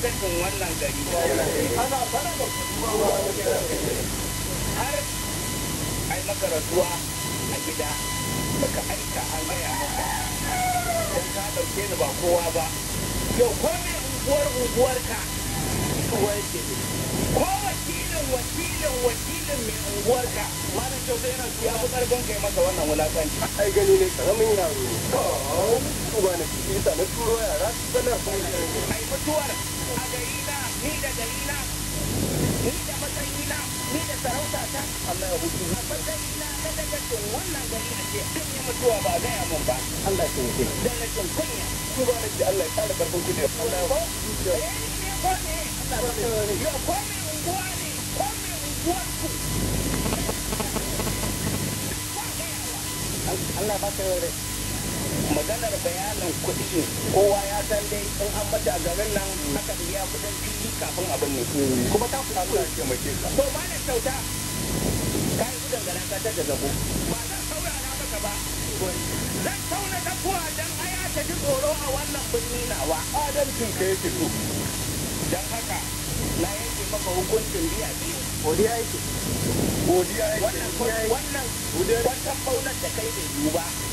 dakan wannan gari ana fara da har ai maka rasuwa a gida baka aika an gaya maka don ka dauke ni ba kowa ba yau ko mai unguwar unguwarka unguwar ke ko wakilin wakilin wakilin mai unguwarka mana kyau sai yana ya fi karfin kai masa wannan wulakanci ai gani ne karamin yaro ne ba na sa na turo yara su sanar ai mutuwar ni da garina ni da matsayina ni da sarauta ta Allah ya hutu a matsayina na daga cin wannan gari a ce an yi mutuwa ba gaya ba Allah ya hutu na cin kunya su ba da Allah ya kara karfin kudi ce. ya eh, ne ne ya unguwa ne unguwa ku Allah maganar bayanin kuɗi kowa ya san dai in an mata a garin nan aka biya kuɗin fili kafin abin ne kuma ta kuɗa kuɗa ce mai ke to ba na kyauta ka yi gudan gara ka ta daga zabo ba zan saurara maka ba zan tauna ta kuwa don aya ta ji tsoro a wannan birni nawa adalcin ka yake so don haka na yanke maka hukuncin biya biyu godiya yake godiya yake wannan wannan faunar da kai bai duba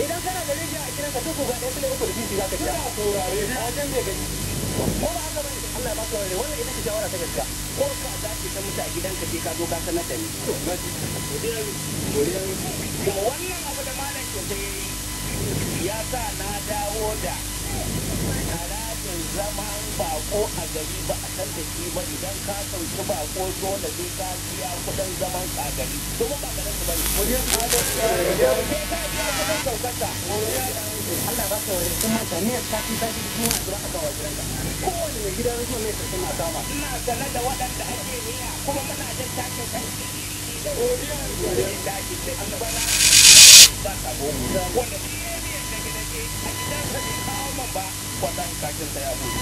idan kana da rijiya a gidanka sai ku ga ɗaya uku da titi za ka sha a wajen bai gani ko ba haka bane Allah ba baka wani wannan ita ce shawara ta gaskiya ko ka dace ta mutu a gidanka sai ka zo ka sanar da ni kuma wannan abu da malam kyauta ta yi ya sa na dawo da zama bako a gari ba a san da ke ba idan ka sauki bako dole zai ka biya kudin zaman ka gari kuma ba garin su bane ko ya ka da Allah ba kuma ta ne ta ci kuma a aka wajen gidanka kowane mai gidan rikon mai sarkin na sama ina da waɗanda ake niyya kuma muna jin takin kai da ba ta ba kwata in kakin sa ya bude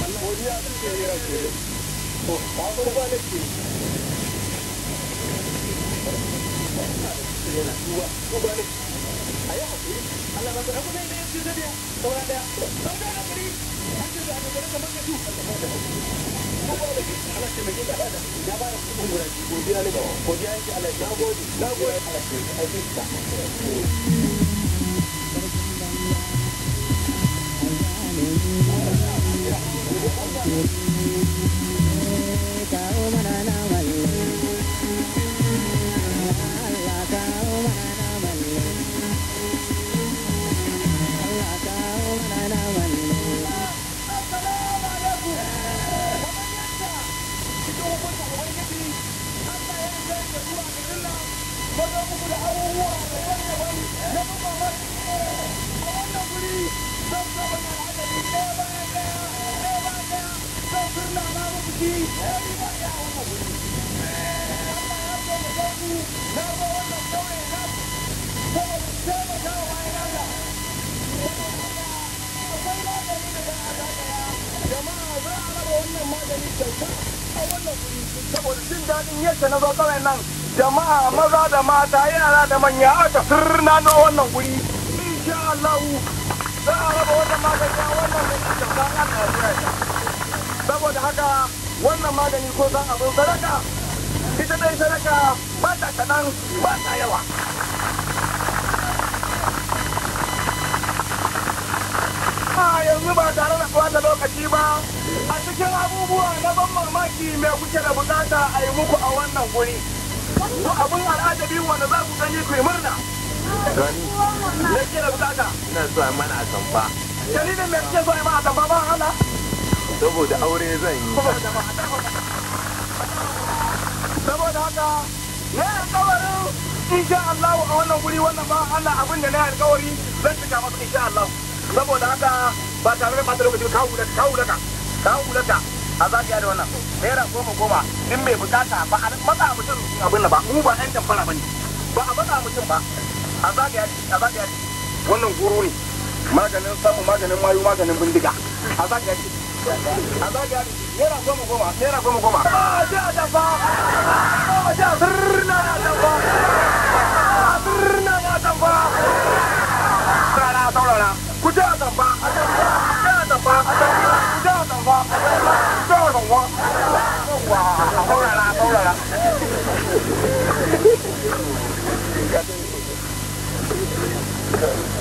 wannan godiya sun ke yi rake to ba ku ba ne ke yana duwa ko ba ne a yi hakuri Allah ba ku da kuma inda ya ci zadiya saura daya saura hakuri an ce da aka gare kamar ka su ko ba da ke Allah ce mai gida da ya ba da kuma gura godiya ne ba godiya yake Allah na gode na gode Allah ce a yi ta mata yara da manya aka sirna na wannan guri insha Allah za a raba wannan magani wannan guri da ta ana saboda haka wannan magani ko za a zo sadaka ita dai sadaka ba ta kaɗan ba ta yawa yanzu ba tare da ɓata lokaci ba a cikin abubuwa na ban mamaki mai kuke da bukata a yi muku a wannan guri. ko abun al'adabi wanda za ku gani ku yi murna gani na ke da bukata ina so a mana atamfa dalilin da kike so a mana atamfa ba Allah? saboda aure zan yi saboda haka ya alkawarin insha Allah a wannan guri wannan ba Allah abin da na yi alkawari zan cika in sha Allah saboda haka ba tare da ɓata lokaci kawo daga kawo daga kawo daga a zagaya da wannan naira goma goma in mai bukata ba a matsa mutum abin da ba mu ba yan tamfara ba ne ba a matsa mutum ba a zagaya a zagaya wannan guru ne maganin samu maganin mayu maganin bindiga a zagaya a zagaya naira goma goma naira goma goma a ji a dafa a ji a sirna a dafa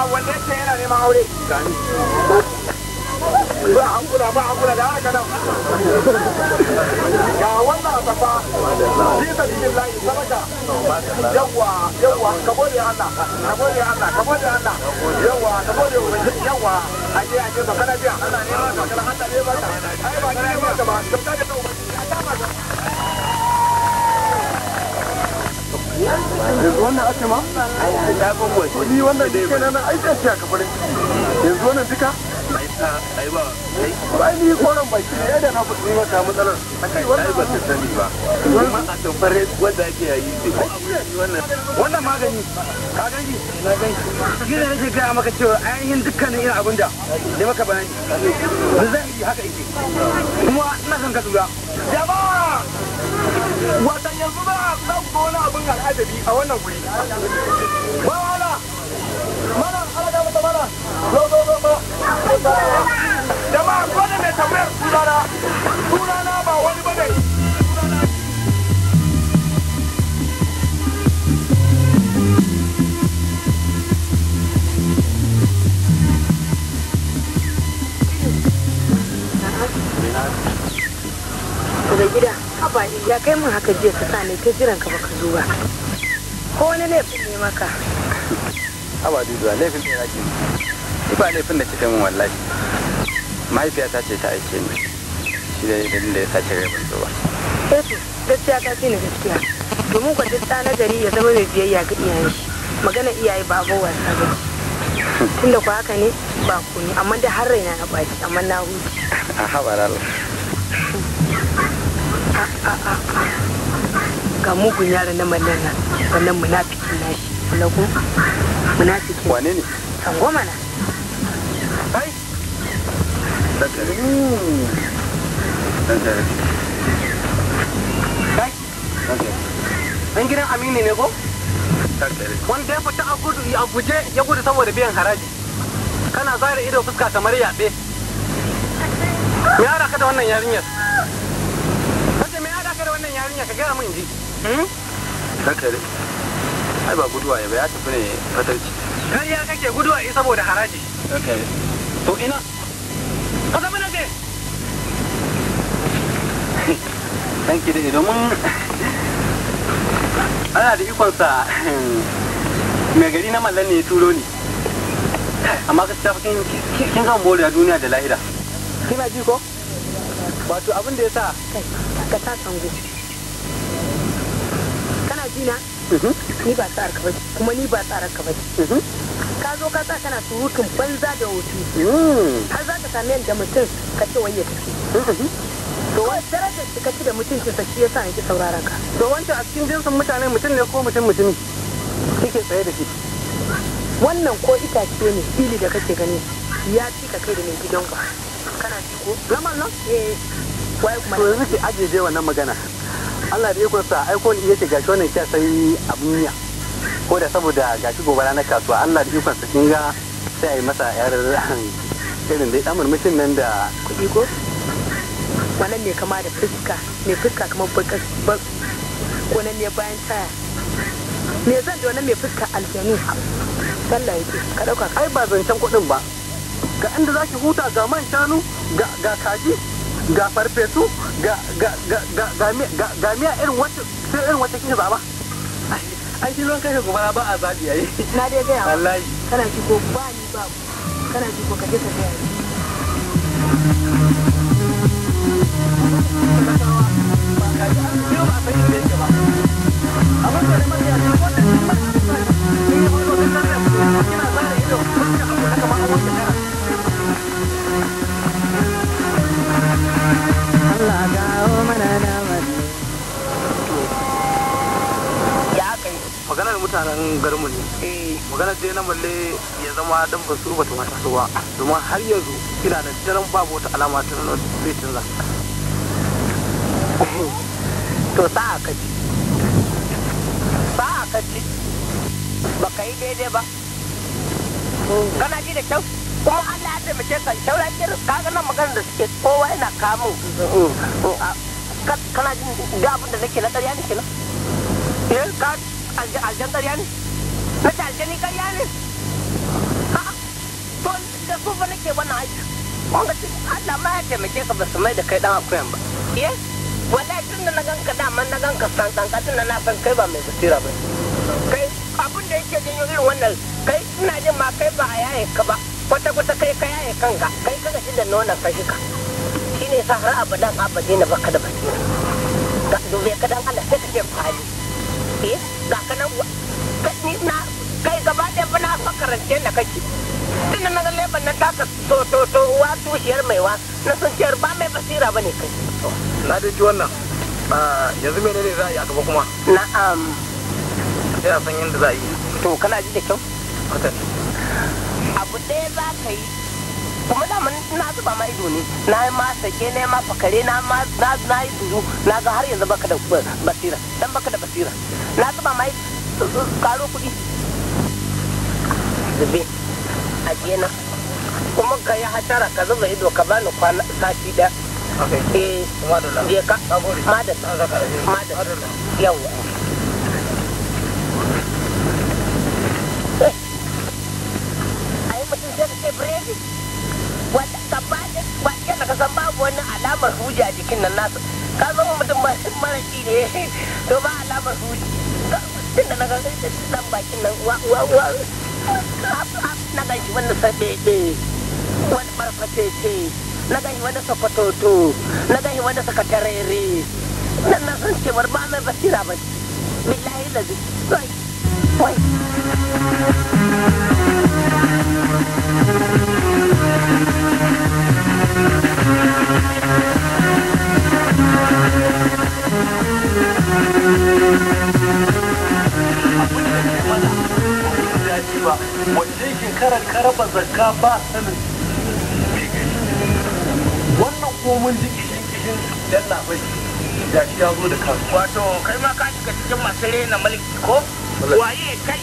amma wanda yana neman aure gani ba hankula ba hankula da haka nan ga wannan tafa fi sabilin layi sadaka yawa yawa ka gode Allah ka ka ka ba kana biya ka kana ne ba ka ai ba ka ba ka ba yanzu wannan ake ma? ai ta ni wannan dai kenan ai da shi aka farin ciki yanzu wannan duka ai ba ai ni koran baki ne da na kudi mata matsalar ai ba ta sani ba kuma a tafare wanda ake yayi sai ko abu ne wannan wannan magani ka gani na gani shi ne nake ga maka cewa ainihin dukkanin irin abin da ne maka bayani zan yi haka yake kuma ina son ka tura jama'a watan yanzu za a za ku wani abin al'ajabi a wannan guri ba wala mana alaga mata mana zo zo zo ba jama'a ko mai tambayar sunana sunana ba wani bane Gida. haba ya kai mun haka jiya ka sa ta jiran ka baka zo ba ko wani laifin ne maka haba duduwa laifin ne yake ni ba laifin da kike mun wallahi mahaifiyata ce ta aike ni shi da dalilin da ya sace kai ban zo ba eh to gaskiya ta ce ni gaskiya domin kwa duk na gari ya zama mai biyayya ga iyaye shi magana iyaye ba abin wasa ba tunda ko haka ne ba ku ne amma da har raina na baki amma na huce a haɓar Allah ga mugun yaran na mallan nan wannan munafikin nashi lagu munafikin wane ne tango mana ai sakare hmm. kai dan gidan aminu ne ko wanda ya fita a guje ya gudu saboda biyan haraji kana zara ido fuska kamar yaɓe me ya raka da wannan yarinyar hanya ka gaya min ji hmm? kakare ai ba guduwa ya ba ya tafi ne fatarci kariya kake guduwa eh, saboda haraji kakare to ina ka zama na ce thank you dai domin ana da ikonsa mai gari na mallan ne ya turo ni amma ka tafi kin kan bori a duniya da lahira kina ji ko wato abin da ya sa ka ta na mhm. ni ba tsara ka bace kuma ni ba tsara ka bace mhm. ka zo ka sa kana surutun banza da wuti. Mm. har za ka sami yadda mutum ka ce wani ya tafi mhm. to wani darajar da ka ci da ya sa ne ki sauraron ka to wancan a cikin jinsin mutane mutum ne ko mutum mutumi kike tsaye da shi wannan ko itace ne fili da kake gani ya ci ka kai da mai gidan ku kana ci ko lamar nan eh wai kuma to yanzu ki ajeje wannan magana Allah da ikonsa aiko ni iya ce gashi wannan kya sai a duniya ko da saboda gashi gobara na kasuwa Allah da ikonsa kin ga sai a yi masa yar irin dai dan mutum nan da kuɗi ko wannan ne kama da fuska mai fuska kamar ko nan ne bayan taya me zan da wannan mai fuska aljanu sallah yake ka dauka ai ba zancen kuɗin ba ga inda zaki huta ga man shanu ga kaji ga su ga miya irin wata irin wata kin zaba ai shi ruwan kashe gobara ba a zabi yayi na dai ga wallahi kana ko ba ni ba kana ko kaje ka ga ba ga ba sai ba wannan mutanen garmu ne eh. magana dai na malle ya zama dan ba su ba ta wata ba domin har yanzu ina da daren babu wata alama ta nuna zai canza to sa a kaci sa a kaci ba ka yi daidai ba kana ji da kyau kuma Allah ya taimake ka shaura ka ga nan maganar da suke kowa yana kamun mm. kana jin da abin da nake na ƙarya ne kenan eh ka aljan ƙarya ne na ce aljani ƙarya ne to da su ba nake wannan aiki wanda Allah ma ya taimake ka basu su mai da kai dan akuyan ba eh wallahi tun da na ganka daman na ganka san kankatin na san kai ba mai basira ba kai abin da yake janyo irin wannan kai ina jin ma kai ba a yaye ka ba kwata kai ka yaye kanka kai ka gaji da nonon ka shika shine sa har abadan abadi na baka da basira ka dube ka dan Allah ka eh ga ka nan na kai gaba ɗaya fa na fa na da kake tun na ga leban na taka to to to wa tushiyar mai wa na san ciyar ba mai basira ba ne kai na dai ji wannan ah, yanzu mene ne za a yi a gaba kuma na'am y'a san yadda za a yi to kana ji da kyau abu ɗaya za ka yi kuma da mun na zuba ma ido ne na yi ma sake na ma fakare na ma na yi dudu na ga har yanzu baka da basira dan baka da basira na zuba ma karo kudi zube a jena kuma ka yi hatara ka zuba ido ka bani kwana sati eh, da eh je madalla madalla yawa alamar huji a jikin nan nasa ka zama mutum ba shi mara shi ne to ba alamar huji tun da na ga dan bakin nan wa wa wa na ga shi wanda sabe ne wani farfate ce na ga shi wanda sakwatoto na ga shi wanda sakatarere nan na san cewar ba mai basira ba billahi da zai wai wai ba wace shekarar ka raba zakka ba sanin wannan ji kishin kishin da shi ya ma ka cikin masu rena mulki ko waye kai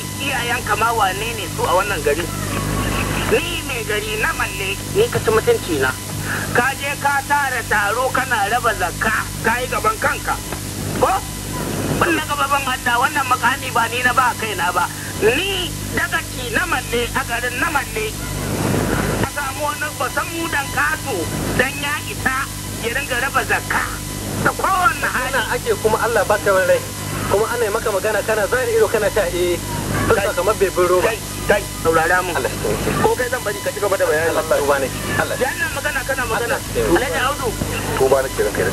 su a wannan gari ni mai gari na malle ni ka ci mutunci na ka je ka tara taro kana raba zakka ka yi gaban kanka kun na gaba ban adda wannan makami ba ni na ba kai na ba ni daga ki na malle a garin na malle a samu wani basan mudan kato dan ya isa ya ringa raba zakka da kowanne hali ana ake kuma Allah ba baka rai kuma ana yi maka magana kana zai ido kana ta eh fuska kamar bai biro ba kai saurara mu ko kai zan bari ka ci gaba da bayani Allah tuba ne Allah yana magana kana magana Allah da audu tuba ne kiran kai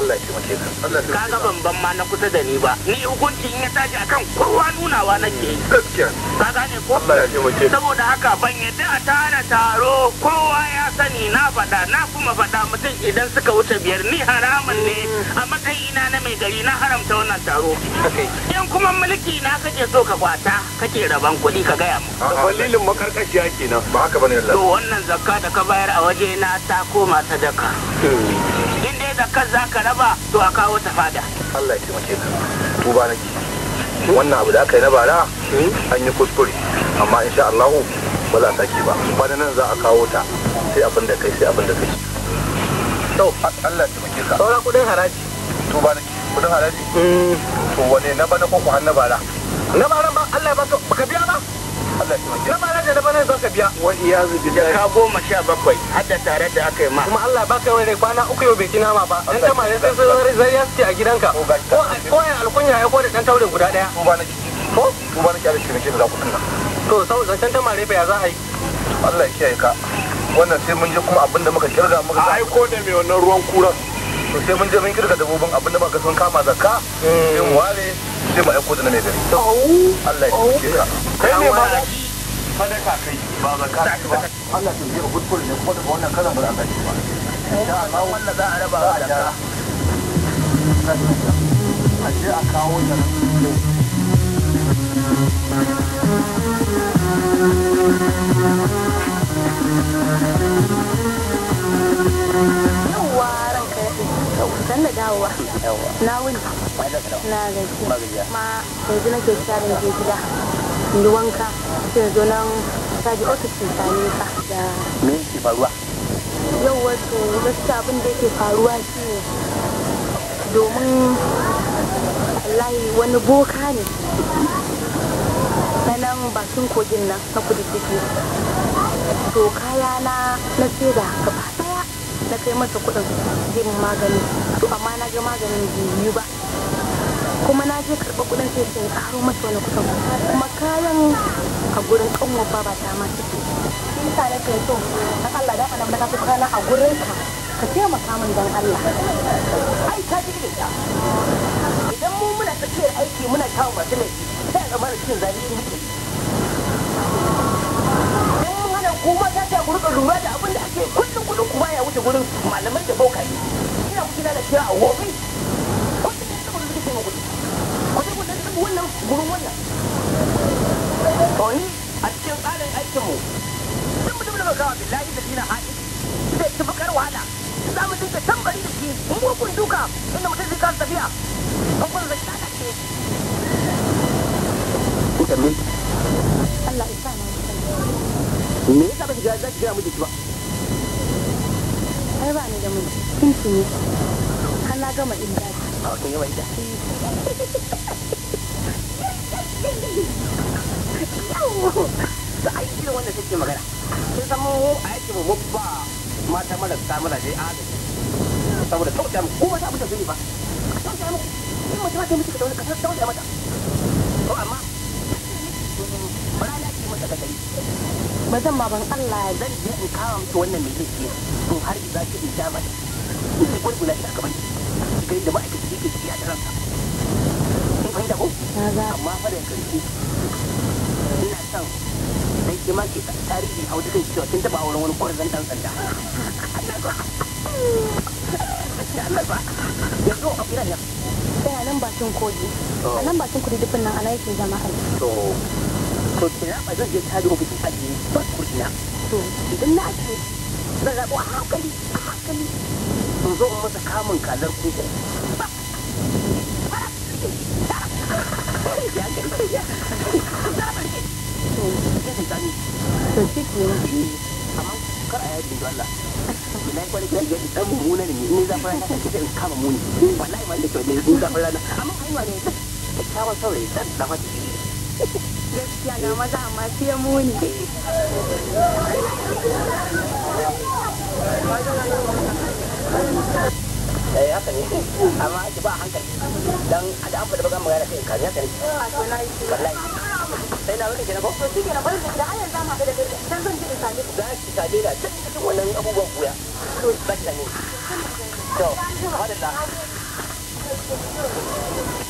Allah ya ka Allah ya ban ma na kusa da ni ba ni hukunci in ya tashi akan kowa nunawa nake gaskiya ka gane ko Allah ya saboda haka ban yadda a tara taro kowa ya sani na faɗa na kuma faɗa mutum idan suka wuce biyar ni haramun ne a matsayina na mai gari na haramta wannan taro yan kuma mulki na kake so ka kwata kake raban kuɗi ka gaya mu dalilin makarkashiya kenan ba haka bane Allah to wannan zakka da ka bayar a waje na ta koma sadaka sadakar za ka raba to a kawo ta fada Allah ya taimake ka tuba nake wannan abu da aka yi na bara an yi kuskure amma insha allahu ba za ta ba kwanan nan za a kawo ta sai abin da kai sai abin da kai to Allah ya taimake ka saura kudin haraji tuba nake kudin haraji mm. to wane na bana ko ku hannu na bara na bara ba Allah ya ba ka biya ba na ba da da bane zaka biya wa iyazu da ka goma sha bakwai har tare da aka yi ma kuma Allah baka wai kwana uku yau bai ci nama ba dan ta mare sai sai zariya suke a gidanka ko ko ya alkunya ya ko da dan taurin guda daya ko ba na ko ko ba na kyale shi ne da ku tunna to sau zancen ta mare ya za a yi Allah ya kiyaye ka wannan sai mun je kuma abinda muka kirga muka ai ko da me wannan ruwan kuran to sai mun je mun kirga dabbobin abinda ba ka sun kama da ka, hmm. mu ware sai mu aiko da na mai gari Allah ya ka ne ma sadaka kai ba ba Allah ya kuma daga wannan karan ba za ka ci ba a raba a a a kawo da san da dawowa na wuni na gaji ma yanzu nake tsarin je gida in wanka sai zo nan saji ofis in ka da me yake faruwa yau wato gaskiya abin da yake faruwa shine domin wallahi wani boka ne sanan bakin kogin nan na kudu ciki to kaya na na seda gaba na kai masa kuɗin zai mu magani to amma na ga maganin bai yi ba kuma na je karɓa kuɗin sai sun ƙaro masa wani kuɗin kuma kayan a gurin kanwa ba ba ta ma ciki shi yasa na ke so dan Allah da annabi na kuka na a gurin ka ka taimaka mun dan Allah ai ka ji ta idan mu muna tsakiyar aiki muna kawo masu laifi sai ga mara cin zalunci muke kuma ta ta ku rika lura da abin da ake kullum kullum kuma ya wuce gurin malamai da bokaye ina ku na da shi a wofi kullum ne saboda suke ce muku ku ce kuma duk wannan gurin wannan to ni a cikin tsarin aikin mu duk mutum da bakawa billahi da dina haɗi da ci bakar wahala za mu dinga tambari da shi mugun duka inda mutum zai kasa tafiya kuma zai lalace Allah ya sa me yasa baki ga zaki ga miji ba ai ba ni da miji kin ci ne har na gama din da a kin gama ita da ai irin take magana san mu a yake mu mata a saboda kawai mu ko abin da zai ba kawai mu in ta ka tauna ka tauna mata ba zan ma ban Allah ya zan je in kawo miki wannan mai laifi ko har ki zaki in ja mata in ki gurgula shi a gaban ki kai da ma'aikaci ciki a ka kin fahimta ko amma fa da karshe ina son dan ke ma ke tarihi a wajen cewa kin taɓa auren wani kwarzan ɗan sanda yanzu a kira ne sai a nan bakin kogi a nan bakin kudi dufin nan ana yake zama aiki to kina ba zan je tare ofishin ajiye ba ko ina to idan na ajiye zan rabo a hankali a hankali in zo in masa kamun kazar kuka to shi ke amma kar a yaji da Allah na kwani kan gaji dan mummuna ne ni za fara ta kace kama muni wallahi ma da kyau ne za fara amma haiwa ne kyakkyawan saurayi dan da mata gaskiya ga maza amma fiye muni eh haka ne amma ake ba hankali da an faɗi bagan magana kai kaji haka ne wallahi sai na wuce kenan ko to shi kenan bari da ayyan zama da kai dan zan je za ki da cikin wannan abubuwan to to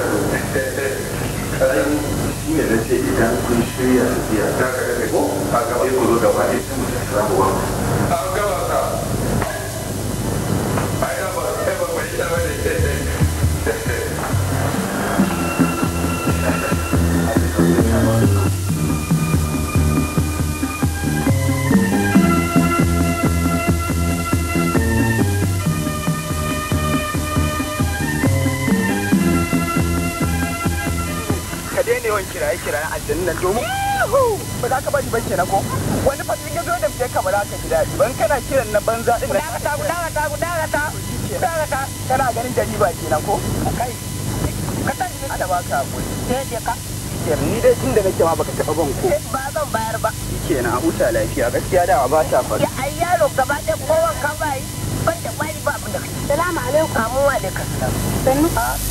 shine na ce idan kun shirya tafiya ta ka ko ka gaba ko zo gaba ne sai mu ta za mu ne yawan kiraye kiraye aljanun nan domin ba za ka bari ban kenan ko wani fa in gazo da fiye ka ba za ka ji daɗi ban kana kiran na banza din nan ta guda ta guda ta guda ta kana ganin jariba kenan ko kai ka tashi ne da baka hakuri sai je ka kenan ni dai tun da nake ma baka taɓa ban ko eh, ba zan bayar ba kenan a huta lafiya gaskiya da ba ta faru ai yaro gaba ɗaya kowan ka bai ban da kwari ba abin da kake salamu alaikum kamuwa da kasalam sannu ah.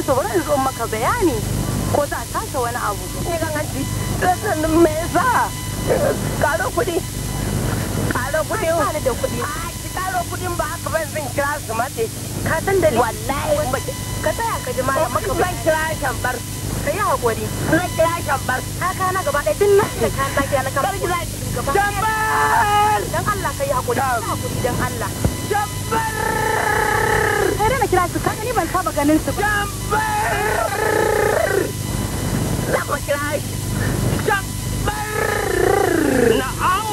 cuce su zo maka bayani ko za a wani abu ne kan hanci me yasa karo karo ba da kuɗi karo ba haka ban zan kira su ka san da wallahi ka tsaya ka ji malam maka zan kira shambar ka yi hakuri zan kira shambar ka na gaba ɗaya duk na da kayan na kamar ki zaki gaba don dan Allah ka yi hakuri ka hakuri na kira su kaga ni ban saba ganin su ba jambar na ko kira shi jambar na'am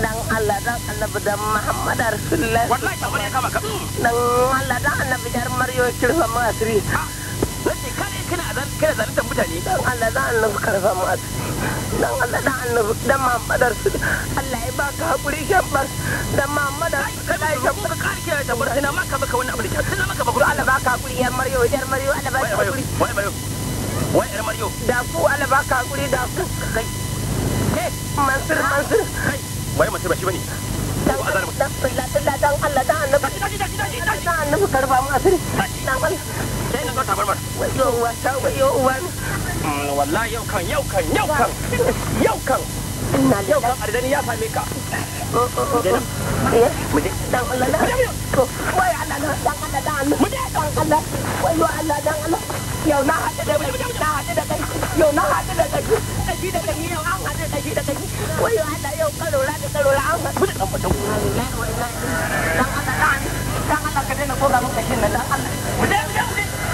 dan Allah dan annabi dan Muhammad Rasulullah wallahi kamar ya kama ka dan Allah dan annabi dar Maryam kirfa masri ah. kada zalunta mutane dan Allah dan karfa mu dan Allah dan annabi dan Muhammadar su Allah ya baka hakuri shabbar dan Muhammadar kada ya shabbar ka kike da tabar ina maka baka wannan abu da ina maka baka Allah baka hakuri yar Maryo yar Maryo Allah baka hakuri wai Maryo wai yar Maryo da ku Allah baka hakuri da ku kai eh Mansur Mansur kai wai Mansur ba shi bane dan Allah dan annabi dan annabi karfa mu asiri dan Allah zo tabarmar wayo wata wayo wani wallahi yau kan yau kan yau kan yau kan yau kan arzani ya same ka mu je dan Allah na to wai Allah na dan Allah dan Allah mu je dan Allah wayo Allah dan Allah yau na hada da na hada da kai yau na hada da kai kaji da kai yau an hada kaji da kai wayo Allah yau karola da karola an hada mu je dan Allah dan Allah dan Allah ka daina ko ga mun kashin nan dan Allah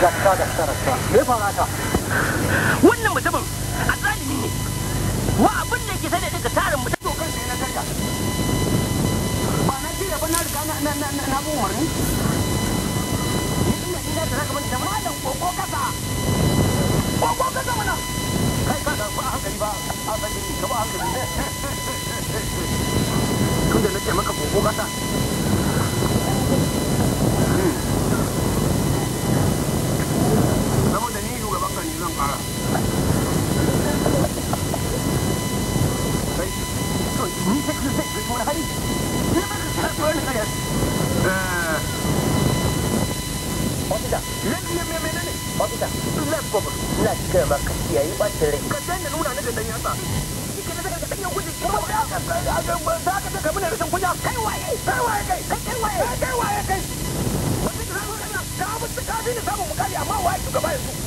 gaska gaska gaska me fara ka wannan mutumin a zalimi ne wa abin da ke sai daga tarin mutum to kan sai na karya ba na jira ba na riga na na na na bin umarni ni ina ina da zaka mun da malam koko kasa koko kasa mana kai ka da ba hankali ba a hankali ka ba hankali tunda nake maka koko kasa มาเฮ้ยนี่แค่คือเด็กหรือคนไหนนี่มันคือแค่เพื่อนเลยเออおじさん、let's get me a minute. おじさん、let's go. Let's get back. いや、今ってね。かたんのなねでやった。kana da kake yin gudu kuma da aka da aka da mun rashin kunya kai waye kai waye kai kai waye kai waye kai wanda ka samu kana ka mutu ka dina samu mukali amma waye shugaba yanzu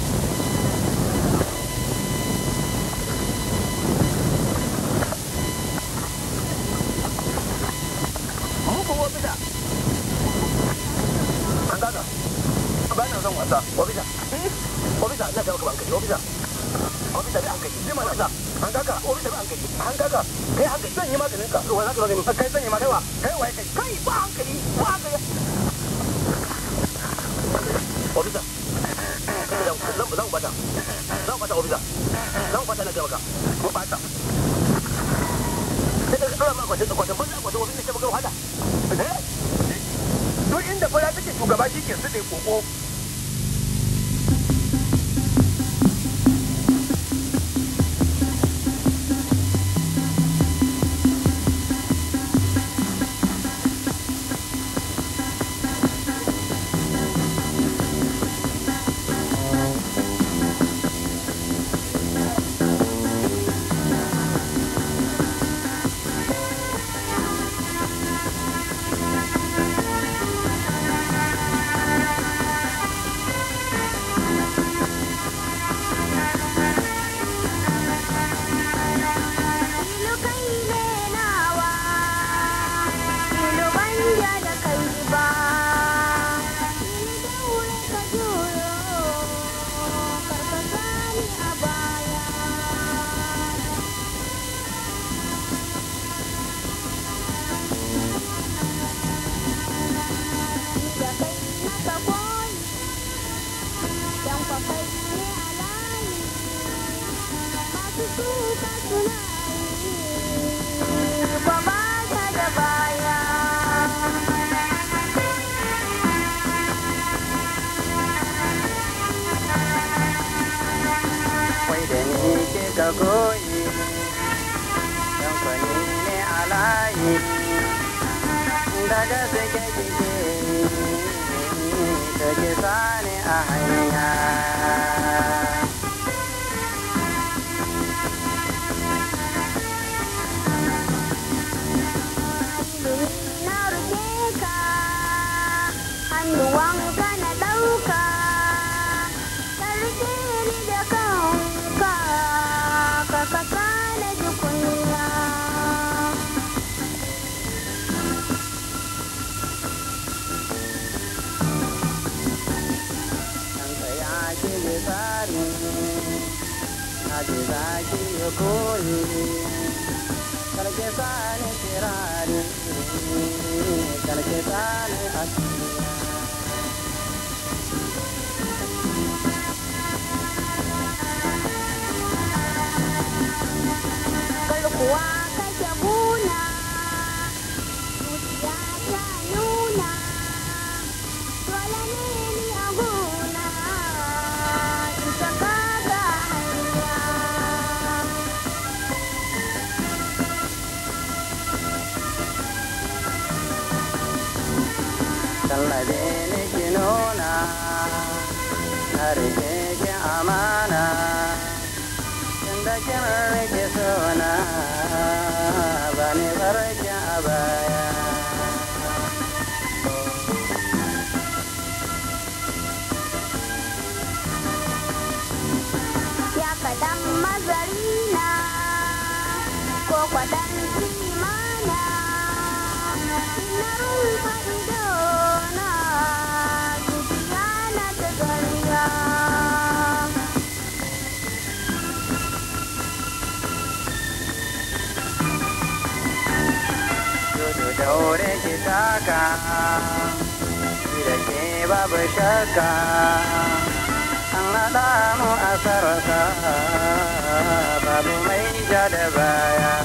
なんて、感覚が、手張ってきたら2万でねえか。da suke jike da ke sani a hanya ki zaki ya koyi karke sani kirari kuwa lallabe ni ki na rike ki amana inda kin rike suna ba ni barki a baya ya mazari na ko kwadan kimana na rufa ido da wurin ki taka da ke babu shakka an haɗa mu a sarrafa babu mai ja da baya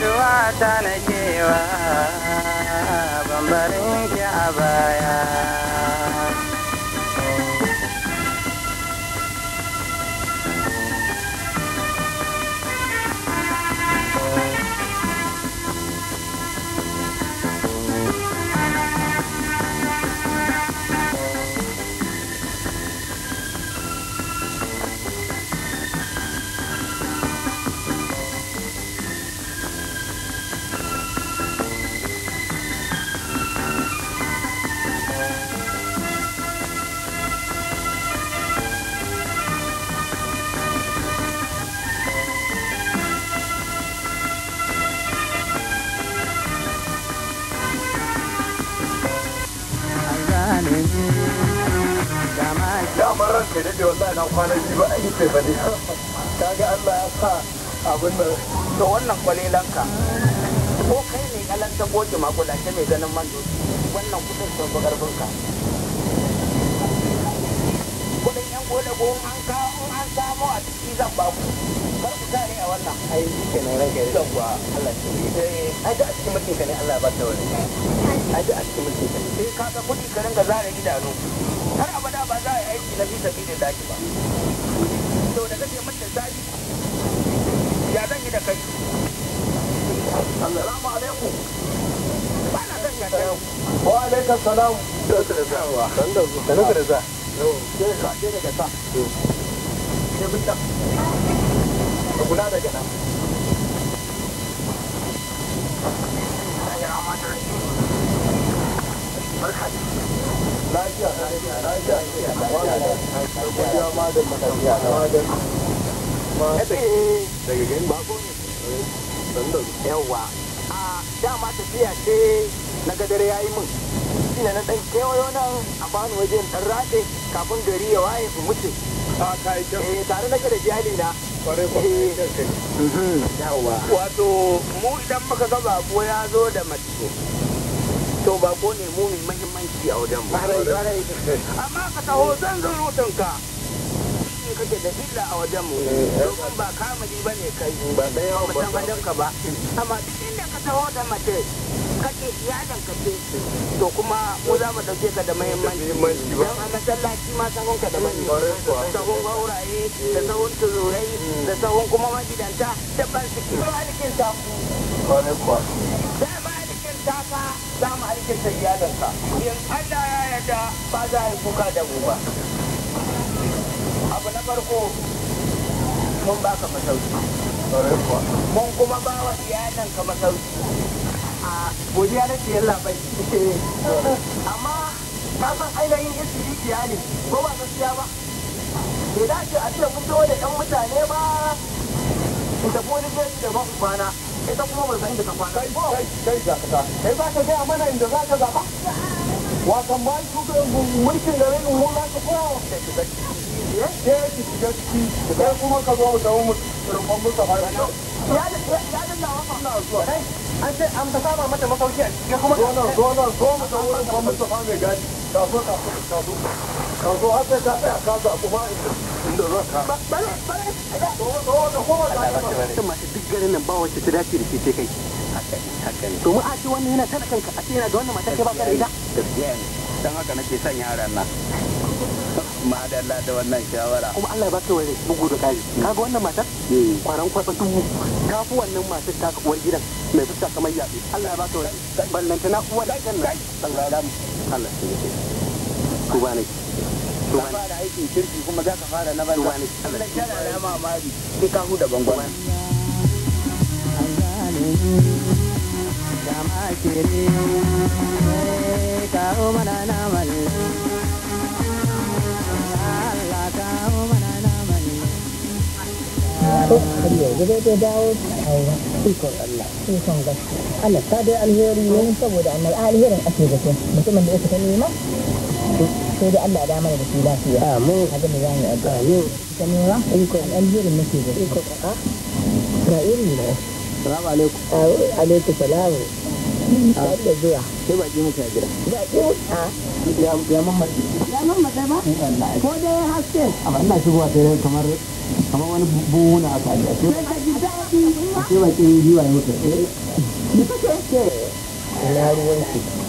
rasuwa ta na kewa bambarin ki a baya nan kwana biyu ba a yi sai bane ga Allah ya sa abin da to wannan kwalelanka ko kai ne kalan ta goce ke mai ganin man doki wannan kudin sun bugar burka kudin yan gole ko an kawo an samu a ciki zan ba ku kar ku tare a wannan ai shi ke nan ranka da kuwa Allah ce eh, ai da a cikin mulkin ka ne Allah ya ba ta wani ai da cikin ka ne sai eh, ka ga kudi ka ringa zare gidano. ta fi sabi da daki ba to da kake mace sai ya zan yi da kai assalamu alaikum ba na kan yanka wa alaikum salam da da zawa dan da da da za sai ka je daga ta sai bin ta daga nan Thank you. lafiya lafiya yawa a dama tafiya ce na gadar yayi min shine na dan kewayo nan a bani wajen dan rade kafin gari ya waye su wuce a eh, tare nake da jali na kware kware eh, yawa wato mu idan muka ga bako ya zo da mace to bako ne mu mai aiki a wajen mu amma ka taho zan zo kake da illa a wajen mu eh, eh. ba kamali ba ne kai ba san ba amma duk inda ka taho da mace kake ka ce to kuma mu za mu dauke ka da muhimmanci don a masallaci ma sahun ka da eh, muhimmanci sahun gauraye da sahun da sahun kuma su halikin samu cikin ta iyalinka in Allah ya yarda ba za a yi kuka da mu ba abu na farko mun baka masauki mun kuma ba wa iyalinka masauki a godiya na ciyar labai amma ka san ainihin isiri ne ko ba gaskiya ba ke dace a cikin mutuwa da 'yan mutane ba su tafi wani jeji da ban kwana ita kuma ban san inda ta kai kai za ka ta kai za ka gaya mana inda za ka zaba wasan bayan shugaban mulkin da rainin hula ka kowa ya ki shiga ciki kai kuma ka zo mu zama mu rumfan musa ba ya ya dinga wannan zuwa an ce an ta saba mata masauki a cikin kuma zo nan zo nan zo mu zama rumfan musa ba ka zo ka zo ka zo har sai ka tsaya da nan ba wacce da a ce wannan yana tana kanka a ce yana da wannan matar kai ba ka da ita dan haka nake son yaran nan madalla da wannan shawara kuma Allah ya baka wani bugu da kari kaga wannan matar kwaran kwatsa dubu ta fi wannan matar ta uwar gidan mai fuska kamar yaɓe Allah ya baka wani ballanta na da gidan nan Allah ya damu Allah ya ku ba nake ka fara aikin kirki kuma za ka fara na banza Allah ya rana ma mari sai ka huda bangon Allah dawo ta dai alheri ne saboda annar alherin ake zato mutumin da yake ta nema sai dai Allah ya dama da su lafiya amin a gani za mu yi addu'a amin kamewa iko an jirin nake da iko ka ga irin ne salamu alaikum A wuri alaikum salamu. A wuri da zuwa sai ba ji muka gida baki muka ya ya mamma ya mamma da ba ko da haske amma ina shigowa sai kamar kamar wani buhuna na aka ji sai ka ji daɗi sai ba yi wa ya muka eh ni kake ke na ruwan ki.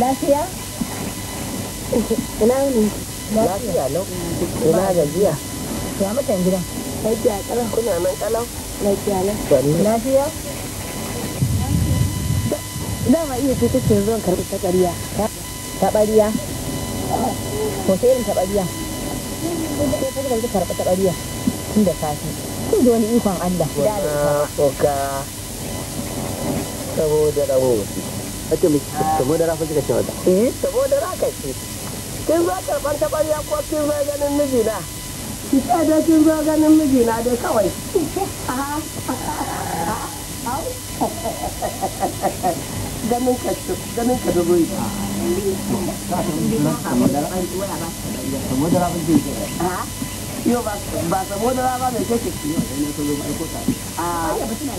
lafiya ina ne lafiya lau ina gajiya ya mutan gidan lafiya kalau kuna man kalau lafiya lau lafiya dama iya ce take zuwan karɓi ta ƙariya ta ɓariya ko sai irin ta ɓariya sai ta zuwa karɓi ta ɓariya tun da safi tun da wani ikon Allah da da ita saboda rabo kace mu da rafa kika ce wata eh da raka ce kin zo karban ta bariya ko kin zo ganin mijina ki ce da kin zo ganin mijina dai kawai ganin ka ganin ka dogo ita rafa rafa yau ba sabo da raba mai kyau kyau yau sai na so zama aiko a yau gidan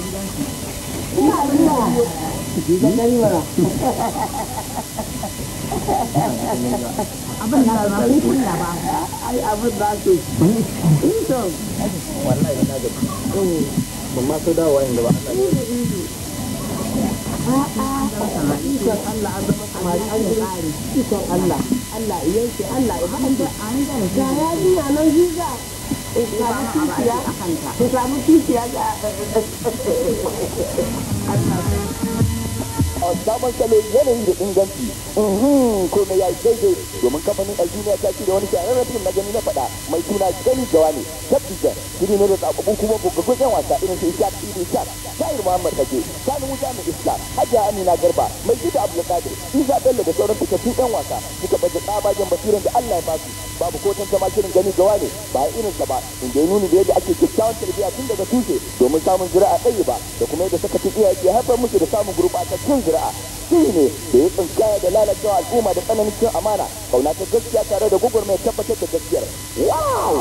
ina ina abin na ba ba ai abin da ke in to wallahi ma so ba Allah a'a Allah azama masu an ikon Allah Allah yanke Allah ya ya ga yarinya nan shi za ku samu tukiya ga a sabon salo yanayi da inganci ko mai yayi daidai domin kamfanin aljuniya ta ci da wani shahararren fim na gani na faɗa mai suna gani gawa ne tabbita shiri ne da tsakakun kuma gogaggun wasa irin sai shak ibi shak shahir muhammad kake sani musa mai iska, hajiya amina garba mai gida abdulkadir isa bello da sauran fitattun yan wasa suka baje tsabagen basiran da allah ya ba babu ko tantama shirin gani gawa ne ba irin sa ba inda ya nuni da yadda ake kyakkyawan tarbiyya tun daga tushe domin samun zira'a ɗaya ba da kuma yadda saka tafiya ke haifar musu da samun gurɓatattun zira'a that. ne da ya tsinka da lalacewa al'umma da tsananin cin amana kauna ta gaskiya tare da gugur mai tabbatar da gaskiyar wow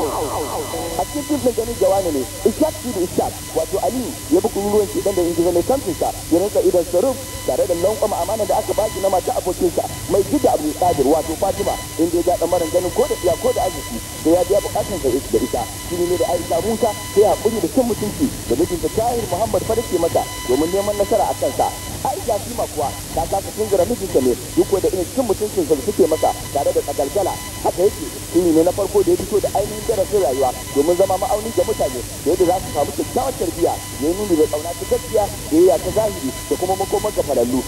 a cikin jin ganin jawani ne ishaq da ishaq wato ali ya bi ruwan shi dan da injiza mai samfin sa ya rinka idan saruf tare da lankwama amana da aka baki na mata abokin sa mai gida abu qadir wato fatima inda ya ga maran ganin ko da iya ko da arziki sai ya biya bukatun sa da ita shi ne da aisha musa sai hakuri da cin mutunci da mijinta tahir muhammad farke mata domin neman nasara a kansa aisha kuwa ta kasa tunzura mijinta ne duk da irin cin mutuncin sa suke masa tare da tsagalgala haka yake shi ne na farko da ya fito da ainihin darasin rayuwa domin zama ma'auni ga mutane da yadda za su samu kyakkyawar tarbiyya ya yi nuni da tsauna ta gaskiya da ta zahiri da kuma makomar ga farallu.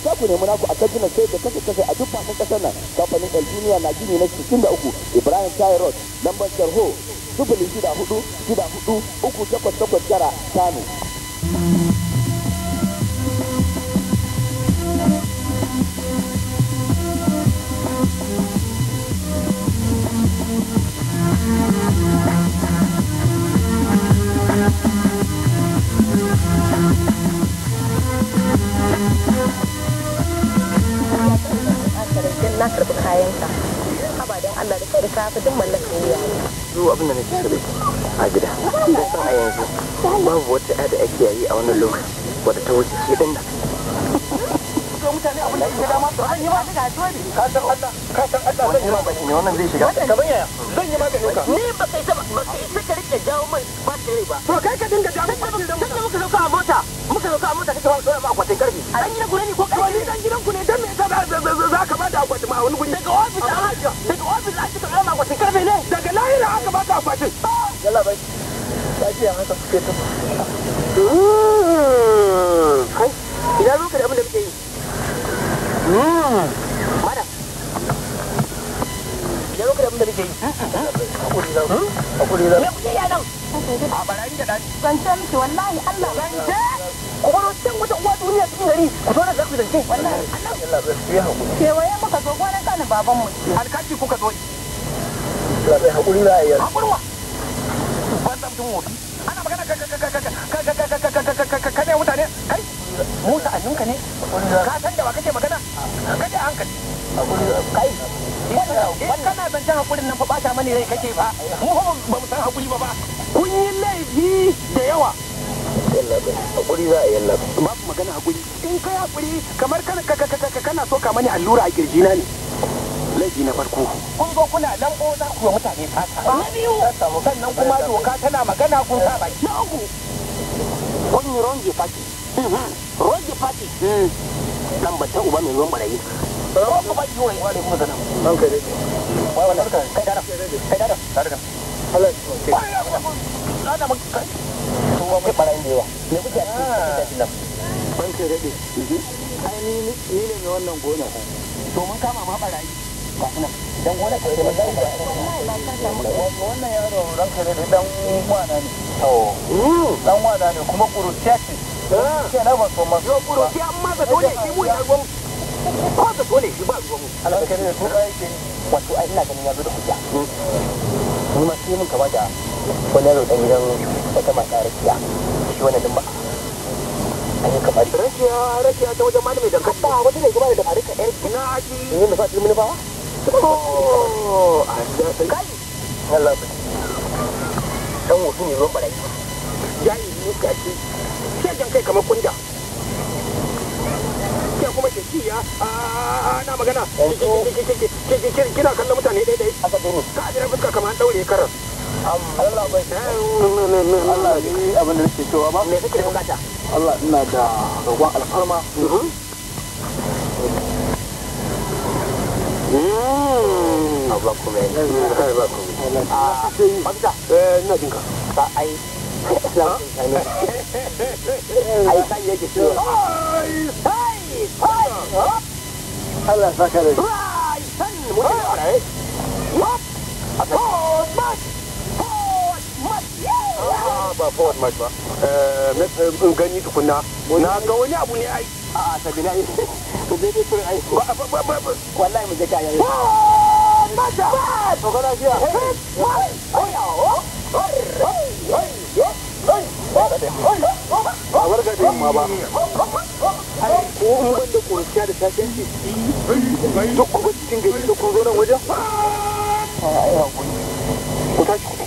ta ku ne naku a kantinan sai da kasa kasa a duk fasin kasar nan kamfanin el na gini na 63 ibrahim tayi road lambar sharho sufuri shida hudu shida hudu uku takwas takwas tara kayanka haba don Allah da kai da kafa duk mallakar wuya duk abin nake so a gida da a yanzu babu wata da ake yayi a wannan lokaci wadda ta wuce shi din mutane abin da ke dama su an ma ka san Allah ka san Allah zan yi ma wannan zai shiga zan yi ma ka ni ba kai ta ba kai ta ka rike jawo mai ba ba to kai ka dinga jawo mai ba muka sauka a mota muka zo ka mota kake wani tsoron akwatin karfe ne ko wani gidan me yasa za ka bada akwatin ma wani daga ofis an daga ofis an kika tsoron akwatin karfe ne daga lahira aka baka akwatin yalla bai baki ya haka ta hmm. kai ina zo ka da abin da muke yi hmm. ina zo ka da abin da muke yi hmm, hakuri hakuri me kuke yi a nan a da miki wallahi Allah ku baro can wata uwa duniya cikin gari ku zo nan za ku zance wallahi Allah ya hakuri kewaye muka zo gonan kanin baban mu alkaci kuka zo Allah ya hakuri za a yi hakuri wa ban da mutum wofi ana magana ka ka ka ka ka ka ka ne mutane kai musa annunka ne ka san da ba kake magana ka je hankali kai wannan kana zancen hakurin nan fa bata mani rai kake ba mu ba mu san hakuri ba ba kun yi laifi da yawa yallaɓai hakuri za a yallaɓai babu magana hakuri in kai hakuri kamar kana so ka mani allura a kirjina ne laifi na farko kun zo kuna lambo za ku yi mutane fata na biyu sannan kuma doka tana magana kun sa baki na uku kun yi ronge fati ronge fati dan bata uba mai ruwan barayi kuma an kai dai kai dara kai dara kai dara kai. kuma akwai barayin da yawa me kuke a cikin tashin ban ke mhm. ai ni ni ne wannan gona to mun kama ma dan gona ko wannan yaro dan wana ne to dan mm. wana ne kuma ce ke ah. na ba so ma yo amma da dole mu ko da dole ba da tuka wato ai ina ganin da kuja mm. ni ma sai mun ka ko na gidan wata mata rakiya shi wani din ba an yi kamar rakiya rakiya ta wajen malami da kafa wata ne kuma da farika ɗan ina aji ne da mini bawa a da kai Allah ba dan wasu ne ruwan barayi yayi ne ce sai jan kai kamar kunja ke kuma ke ciya na magana kina kallon mutane ɗaya ɗaya a ka ajiyar fuska kamar an ɗaure karar Allah ne abin da nake cewa ba me kake da bukata Allah ina da roƙon alfarma ba kuma yi ba kuma a bakta eh ina jinka ba ai ai san yake ciwo ai ai Allah saka da ai san mutum ai what a ba forward match ba eh, eh, in gani tukuna na ga wani abu ne ai a sabi na yi zai bai turin ai ba ba ba ba wallahi mu je ka yayi mata ba to kana shi a warga da yamma ba ko in ban da kurciya da tashin ji duk kuma cikin gari da kun zo wajen ku tashi ku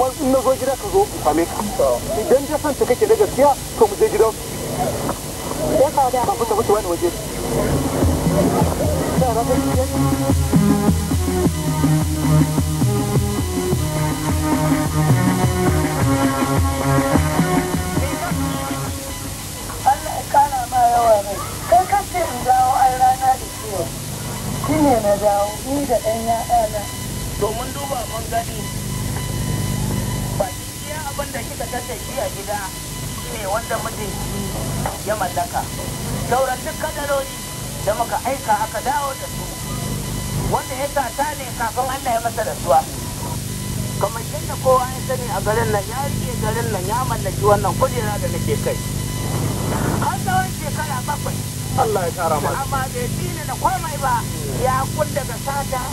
kuma in na zo gida ka zo in same ka idan ka san ta kake na gaskiya to mu je ka da kafin da mutu wani waje ma yawa ne, kai in dawo an rana da ciwo, shi ne na dawo ni da ɗan ya'ana. mun duba mun gani abin da kika tace shi a gida ne wanda mutum ya mallaka sauran duk kadarori da muka aika aka dawo da su wanda ya tata ne kafin Allah ya masa rasuwa kamar yadda kowa ya sani a garin nan ya rike garin nan ya mallaki wannan kujera da nake kai har tsawon shekara bakwai Allah ya kara masa amma bai tsina da komai ba ya kun daga sata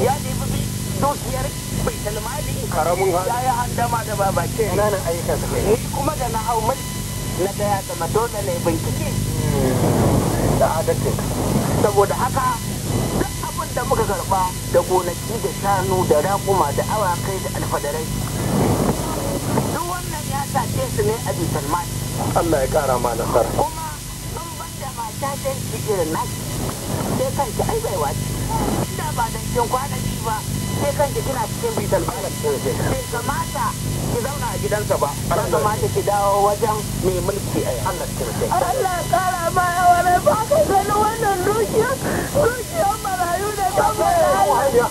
ya mm. nemi dukiyarki. talmali ya yi handama da babake nan ayyuka su kai kuma da na hau mai na daya zama dole ne bincike hmm. da saboda haka duk abin da muka karba da gonaki da shanu da raƙuma da awakai da alfadarai duk wannan ya sace su ne a bitan mai Allah ya kara ma nasara kuma sun da mata don irin naki sai kanki ai baiwa ce da ba don kin kwanaki ba ke kanki kina cikin bital balance bai kamata ki zauna a gidansa ba ya kamata ki dawo wajen mai mulki a Allah kirkai Allah kara ma wala ba ka gani wannan dukiya dukiya marayu da ta marayu dan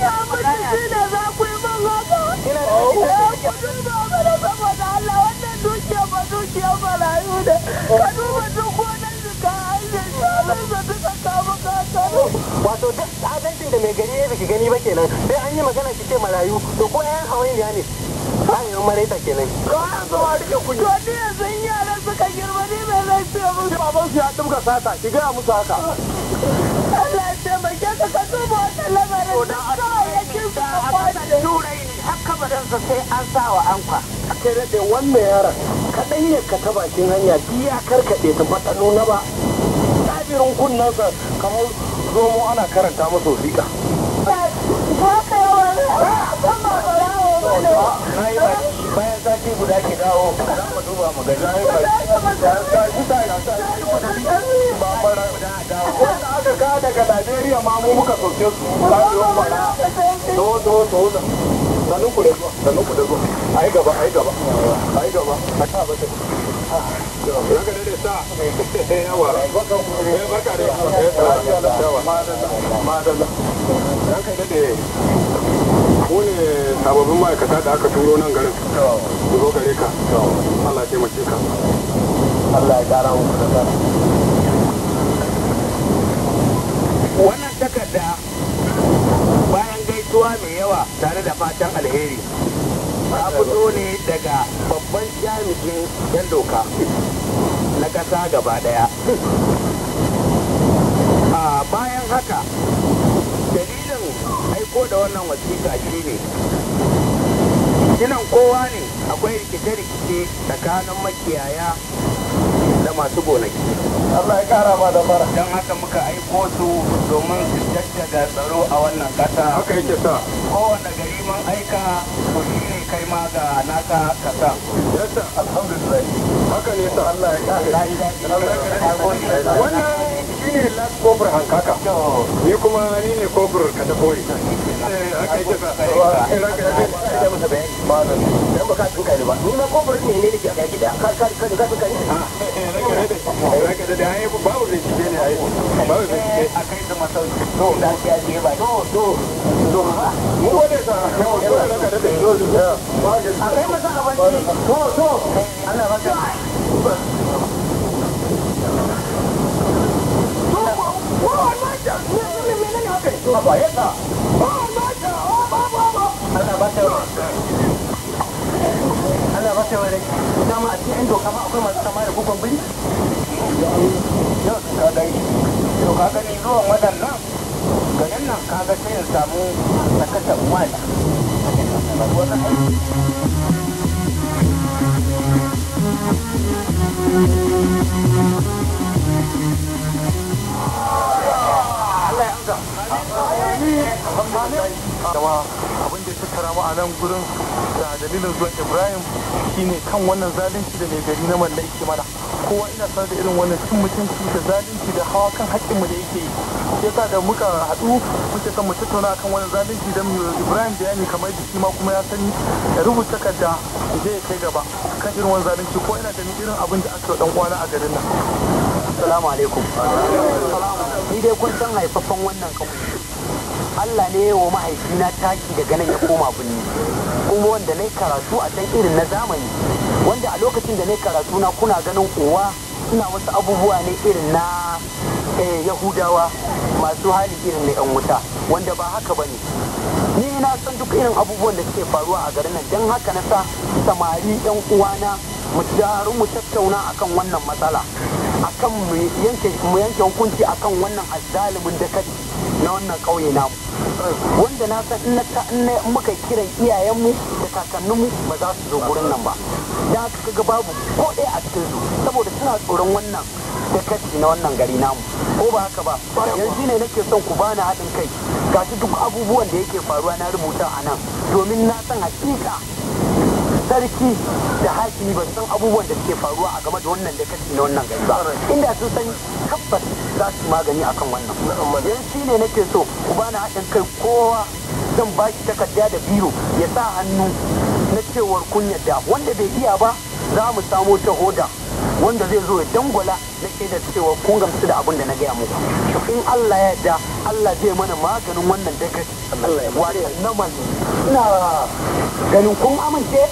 ya mutu shi da za ku yi man haka ya eh, ku duba ba mana saboda Allah wannan dukiya ba dukiya marayu ne ka duba duk wannan zuka aiki ta mai zata ka kama ka wato duk aikin da mai gari ya bi gani ba kenan sai an yi magana ki ce marayu to ko ƴan hawainiya ne ayyukan maraita kenan ko an zama rike ku to ya san yaran suka girma ne mai zai ce ba baban su ya dumka sata ki gaya musu haka Allah ya taimake ka ka duba wannan lamarin da ya su ka kwace turai ne haka sa sai an sawa ankwa kai daɗe wannan yaran kaɗan ya ka ta bakin hanya biya karkade ta faɗa nuna ba tabirin kamar zo mu ana karanta masa wasiƙa bayan sati guda ke dawo ka daga Najeriya ma mu ai gaba ai gaba ai gaba sa yawa eh, barka da eh, sababbin ma'aikata da aka turo nan garin ku zo gare ka Allah ya taimake ka Allah ya gara mu da ba wannan takarda bayan gaisuwa mai yawa tare da fatan alheri ta fito ne daga babban jami'in 'yan doka ƙasa gaba ɗaya a bayan haka dalilin aiko da wannan wasiƙa shi ne kinan kowa ne akwai rikice-rikice tsakanin makiyaya da masu gonaki Allah ya kara ba da don haka muka aiko su domin su jajjaga tsaro a wannan ƙasa haka yake kowane gari mun aika to shi ne kai ma ga naka kasa yadda alhamdulillah haka ne sa Allah ya kare wannan shine last kofar hankaka ni kuma ni ne eh, ka ta koyi haka yake sa ya masa bayani malam dan baka tuka ni ba ni ma kofar ne ne da ke gida ka ka ka ka ka ni ka ah, eh, eh, da da babu da ne babu da masau to a ba a ma akwai masu kama da ka gani zuwan waɗannan garin nan ka ga sai samu sakatan wani abin da ya tattara a nan gurin da dalilin zuwan ibrahim shine kan wannan zalunci da mai gari na mallaki mana kowa ina sanar da irin wannan cin mutunci da zalunci da hawa kan haƙƙinmu da yake yi ya yasa da muka haɗu muke son mu tattauna kan wannan zalunci don ibrahim bayani kamar da shi ma kuma ya sani ya rubuta takarda zai ya kai gaba kan irin wannan zalunci ko ina ganin irin abin da aka ɗan uwana a garin nan assalamu alaikum ni dai kun san haifaffen wannan kawai Allah ne wa mahaifina taki daga nan ya koma birni kuma wanda na karatu a can irin na zamani wanda a lokacin da na karatu na kuna ganin uwa. suna wasu abubuwa ne irin na eh, yahudawa masu hali irin na yan wuta wanda ba haka ba ne ni na san duk irin abubuwan da suke faruwa a garin nan don haka na sa samari yan uwana mu mu tattauna akan wannan matsala akan mu yanke hukunci akan wannan azzalimin da kaji na wannan ƙauye na wanda na san in ta in muka kiran iyayenmu da mu ba za su zo gurin nan ba da haka kaga babu ko ɗaya a cikin su saboda suna tsoron wannan da dakaci na wannan gari namu ko ba haka ba yanzu ne nake son ku bani haɗin kai gashi duk abubuwan da yake faruwa na rubuta a nan domin na san hakika sarki da hakimi ba san abubuwan da suke faruwa a game da wannan da kashi na wannan gari ba inda sun san tabbas za su magani akan wannan yan shi ne nake so ku bani haɗin kai kowa zan ba shi takarda da biro ya sa hannu na cewar kunyar da wanda bai iya ba za mu samo ta hoda wanda zai zo ya dangwala na shaidar cewa kun gamsu da abin da na gaya muku in Allah ya da Allah zai mana maganin wannan daga na man ina ganin kun amince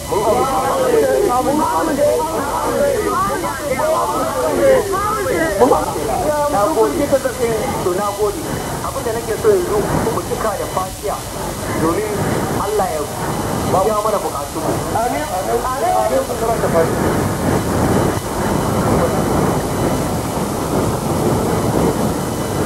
na gode abin da nake so yanzu mu cika da fatiya domin Allah ya biya mana bukatu amin amin amin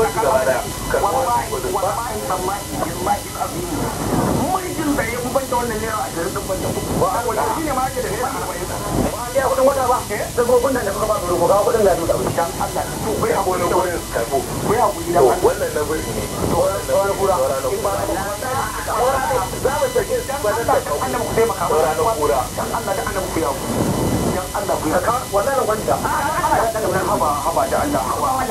unguwar su gaba da da ya kuban wannan naira a ya da Allah a haba haba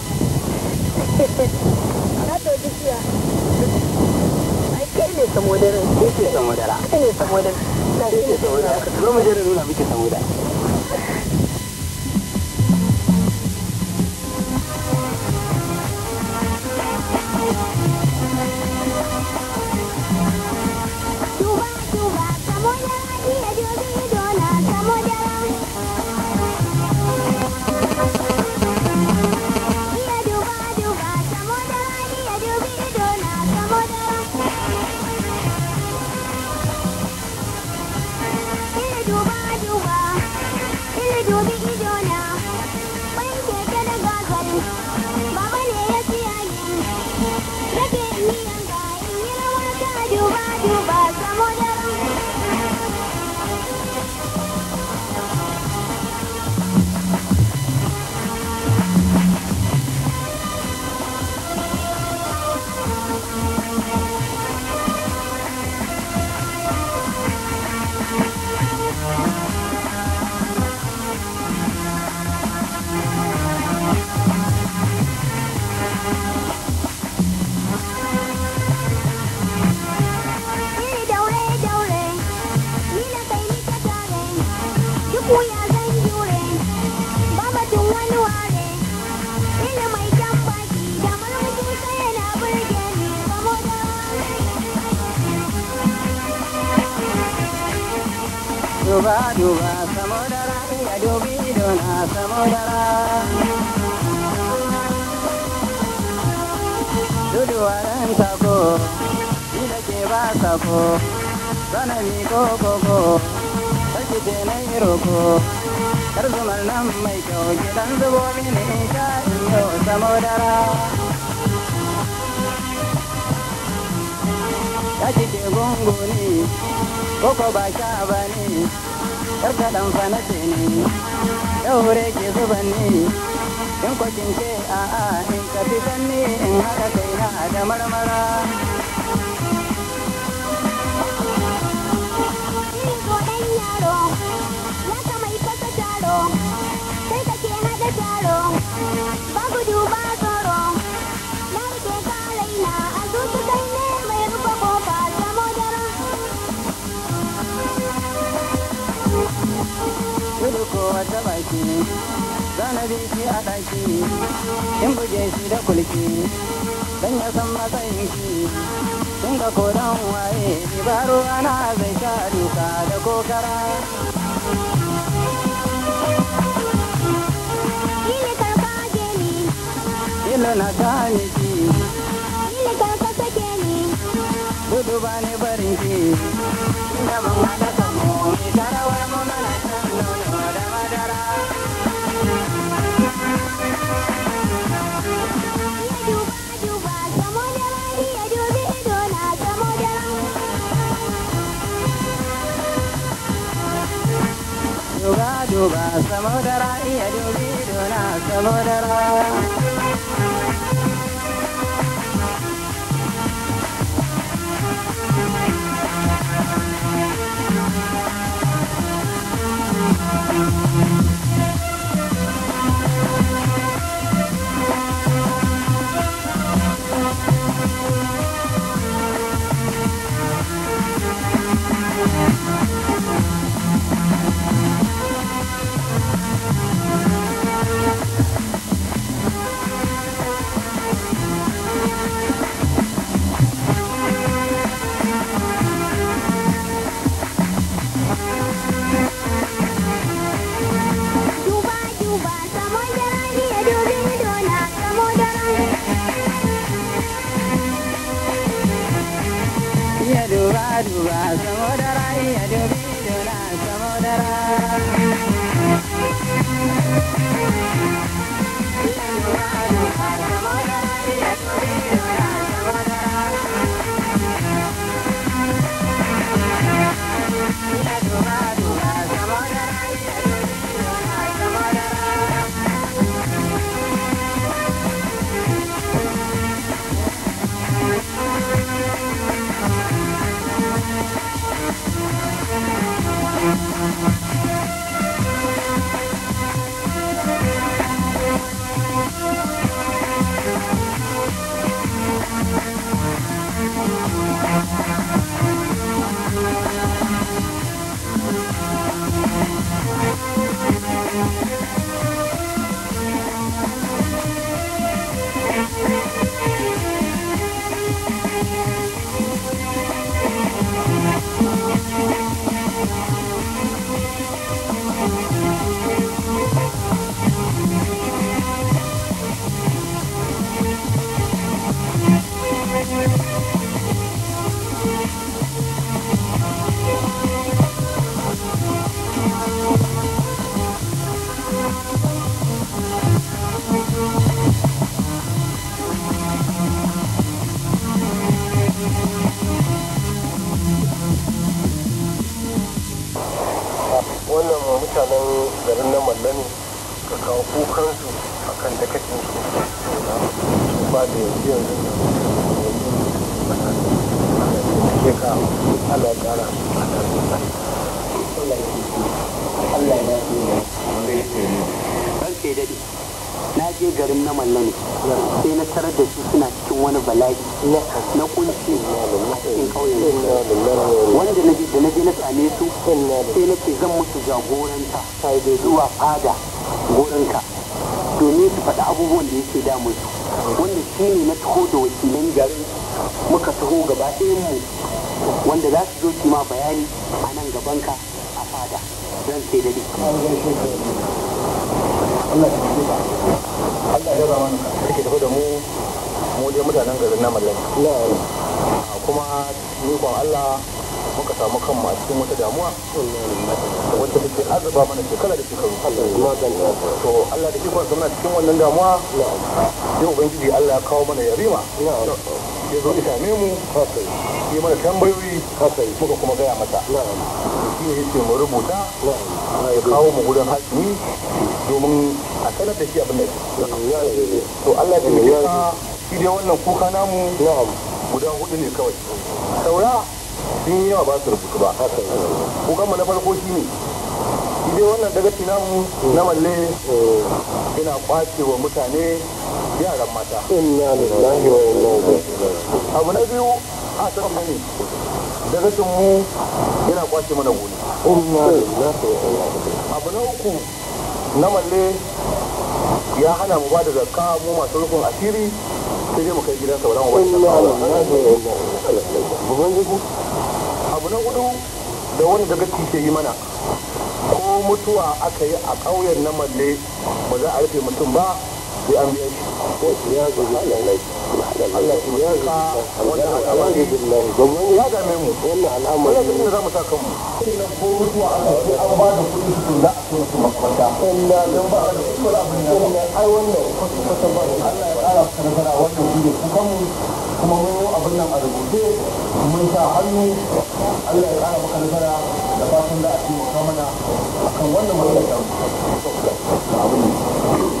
na to jikiya ai kai ne samodara kai koko ba sha ba ne yar kaɗan fa na ce ne yau hure ke zuba ne in kwakin ke a a in tafi zanni in haka kai na da marmara Sai kake haɗa taro kowa ta baki zanabi shi a ɗaki in buge shi da kulki dan ya san matsayin shi tun da kodan waye baro na zai sha duka da kokara Ilo na ta miki Ilo ka ka sake ni Gudu ba barin ki Ina ban hada kamo Ita rawar mu mana duba samudara iya samudara Thank you. ba mana shekara da shekaru to Allah da ikon kuma muna cikin wannan damuwa sai ubangiji Allah ya kawo mana yarima ya zo ya same mu yi mana tambayoyi muka kuma gaya masa shi ne yake mu rubuta ya kawo mu gudan hakimi domin a sanar da shi abin da to Allah ya taimake ka shi dai wannan kuka namu guda hudu ne kawai saura sun yi yawa ba su rubutu ba kukan mu na farko shi ne dai wannan daga namu na malle eh, ina kwace wa mutane yaran mata inna lillahi wa inna ilaihi abu na biyu a san ne daga mu ina kwace mana gona inna lillahi wa inna ilaihi abu na uku na malle ya hana mu ba da zakka mu masu rufin asiri sai dai mu kai gidansa ba za mu ba da abu na hudu da wani daga ke yi mana ko mutuwa aka yi a ƙauyen na malle ba za a rufe mutum ba ya Allah sai an ya ƙara a ya maka nasara da fatan da a akan wannan matsalar abin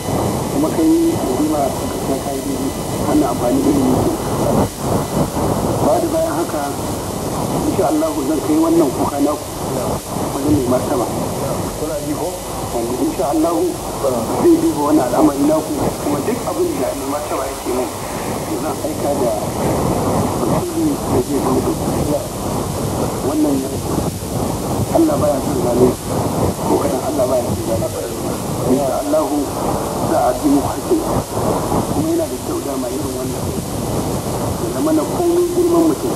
kuma kai rigima a cikin ka'idoji wannan amfani ilimi ba da bayan haka insha Allah zan kai wannan kuka na wajen mai martaba insha Allah zai duba wani al'amari na ku kuma duk abin da mai martaba yake mun zan aika da rasuli da zai gudu wannan Allah baya son zalunci ko kadan Allah baya son zalunci insha Allah za a kuma yana da kyau dama irin wannan da zama na komai girman mutum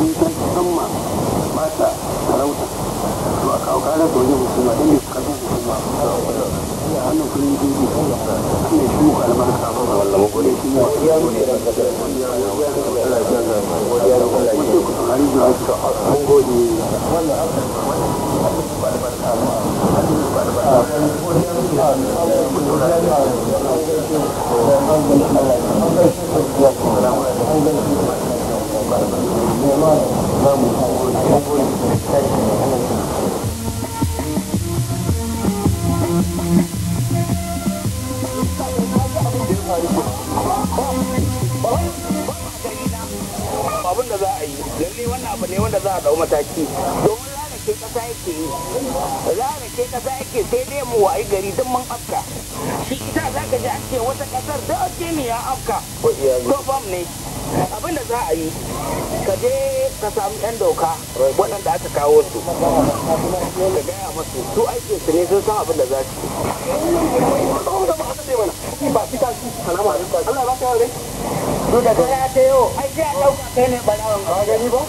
zai ta samma mata sarauta kawo kara hukuma don bai karfin hukuma wannan kudin jirgi ne shi muka albarka ba wannan makoni shi ne Thank you. za a yi lalle wannan abu ne wanda za a dau mataki domin rarake kasa yake yi rarake kasa yake sai dai mu wayi gari duk mun afka shi ita za ka ji an ce wata kasar da ake ni ya afka to bam ne abin da za a yi ka je ka samu yan doka waɗanda aka kawo su ka gaya masu su aikin su ne sun san abin da za su yi. Ba su su, alama ba to da kara ta yau ai sai a ɗauka kai ne ɓarawan ka gani ba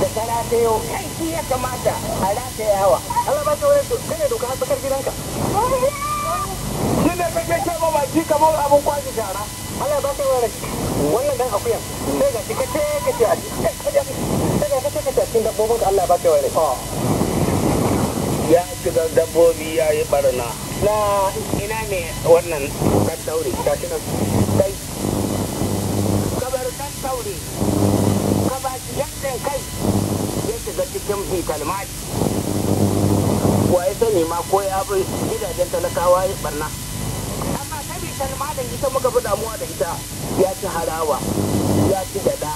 da kara ta yau kai shi ya kamata a rata yawa Allah ba ka wani kai ne doka tsakar gidanka shi kake ce ma baki kamar abun kwashi shara Allah ba ka wani wannan dan akuyan sai ga shi ce ka ce a sai ga ka ce ka cikin dabbobin ka Allah ba ka wani oh. ya shiga dabbobi ya yi barna na ina ne wannan ɗan daure shi nan haɗin kai ya shiga cikin bitalmati wa ya sani ma ko ya bi gidajen talakawa ya barna amma ta bitalmatin ita muka fi damuwa da ita ya ci harawa ya ci gada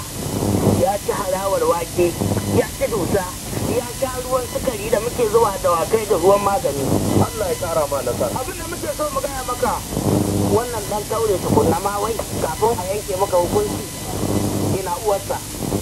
ya ci harawar wake ya ci dusa ya sha ruwan sukari da muke zuwa da wakai da ruwan magani Allah ya kara ma nasara abin da muke so mu gaya maka wannan dan kaure tukunna ma wai kafin a yanke maka hukunci ina uwarsa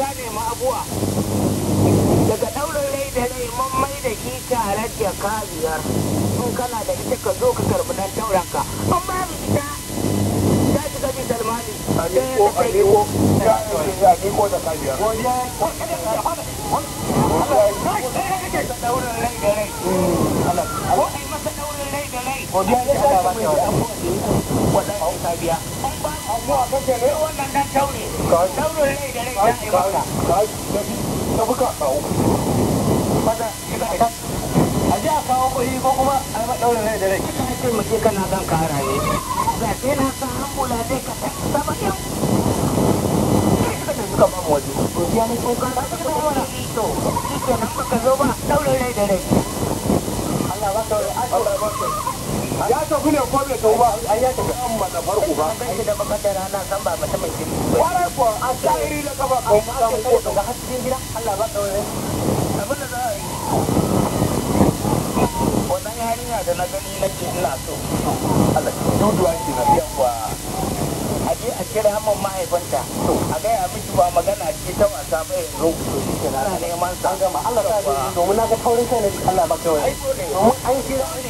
gane nemi abuwa daga ɗaurin rai da rai mun mai da shi tare da kaziyar kana da ita ka zo ka karbi dan tauran ka in babu ita ta shiga bi salmani aliko aliko ta aliko da ka ko godiya ga Allah ba ta wannan hau ta biya an ba abuwa kace ne wannan dan taure taurin rai da rai ta yi maka ka buka kawo maza a ji a kawo kuɗi ko kuma a ba taurin rai da rai kika ce muke kana kan kara ne za ke na san hambula zai ka saba yau suka ba mu waje godiya ne ko ka ta ba wala to shi kenan baka zo ba taurin rai da rai Allah ba taurin Allah ba taurin ya tafi ne ko bai tafi ba ai ya tafi an mata farko ba ban shi da san ba mai shiri kwarai ko an tsari da kafa ko ka ko ga hasken gida Allah ba abin da za a yi wannan yarinya da na gani nake ina so Allah duduwa na a je a kira mun mahaifanta a gaya miki ba magana ce ta wasa ba yanzu ana neman sa gama Allah ta yi domin na ga taurin kai ne Allah ba kawai an kira ne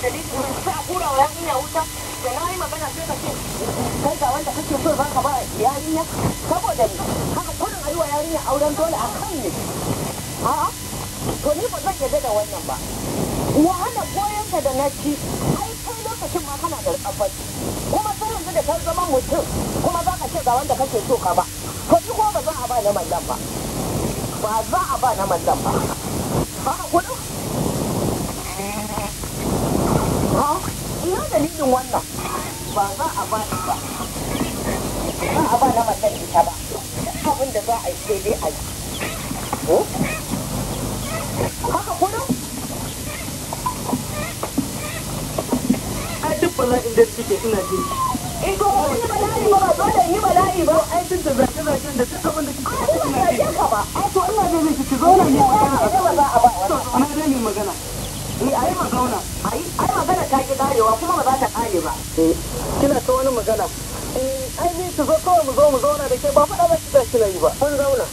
dalilin mun sa wa yarinya wuta da na yi magana sai ka ce kai ga wanda kake ka ba ni haka ayi wa yarinya auren dole a kan ne a'a to ni ba zan yarda da wannan ba wahala goyonka da na ci da rikabar kuma sai yanzu da zama mutum kuma za ka ce ga wanda so ka ba to ni ba za a ba na mallan ba ba za a ba na mallan ba kudin irin wannan ba za a ba ni ba ba a ba na matan ita ba abin da za a yi sai dai a yi haka kudu ai duk bala'in da suke ina jin in eh, ko ba ni bala'i ba ba dole ni bala'i ba ai duk da zage-zagen da duk abin da kike ba ina jin ka ba ai to ina jin ki zo na ne ba za a ba to amma dai magana ni eh, ai magana ai ai magana ta ki darewa kuma ba za ta sani ba eh, kina ta wani magana eh, ai ni ki zo kawai mu zo mu zauna da ke ba faɗa ba yi ba zauna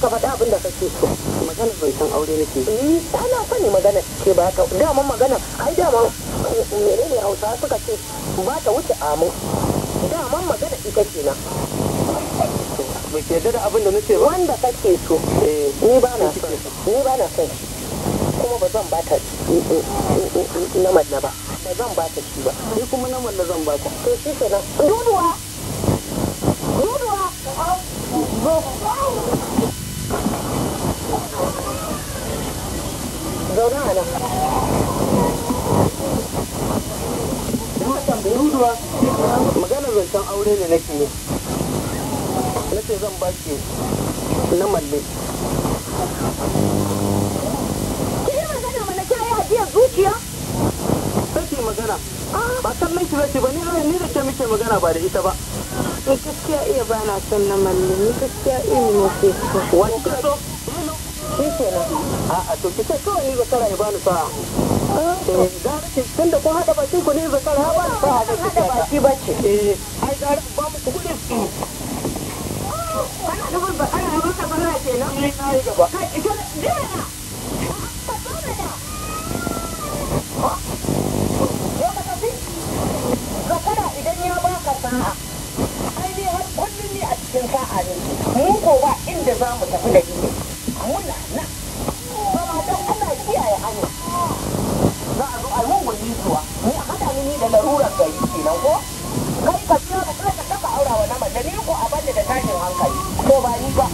ka faɗa abin da kake so magana bai san aure nake eh ana sani magana ce ba ka dama magana ai eh, Hausa suka ce ba ta wuce amu magana ita kenan ke da abin da nace ba wanda kake so eh ni ba na ni ba na ba zan ba ta mm, mm, mm, na malla ba ba zan ba ta shi ba ni kuma na malla zan ba ta to shi kenan duduwa duduwa zo zauna a nan duduwa zancen aure ne nake yi na ce zan ba ki na malle lafiyar zuciya sai magana ah. ba kallon ce ba ni da da ke muke magana ba da ita ba ni gaskiya iya ba na son na malli ni gaskiya iya ne mafi wani ka so shi kenan a to ki ce kawai ni zakara ya bani sa'a ah, eh, tunda kun haɗa bakin ku ne zakara sa'a da haɗa baki ba ce eh ai ba mu ku kuɗin ah, ana ba maka sa'a ai dai har kullum ne a cikin sa'a ne mu ko ba inda za mu tafi da ni muna na ba don ana kiyaye hanya za a zo a mun gwaji zuwa ni a hada ni da larurar gari kenan ko kai ka kira ka kasa kafa aura wa nama ni ko a bada da tashin hankali ko ba ni ba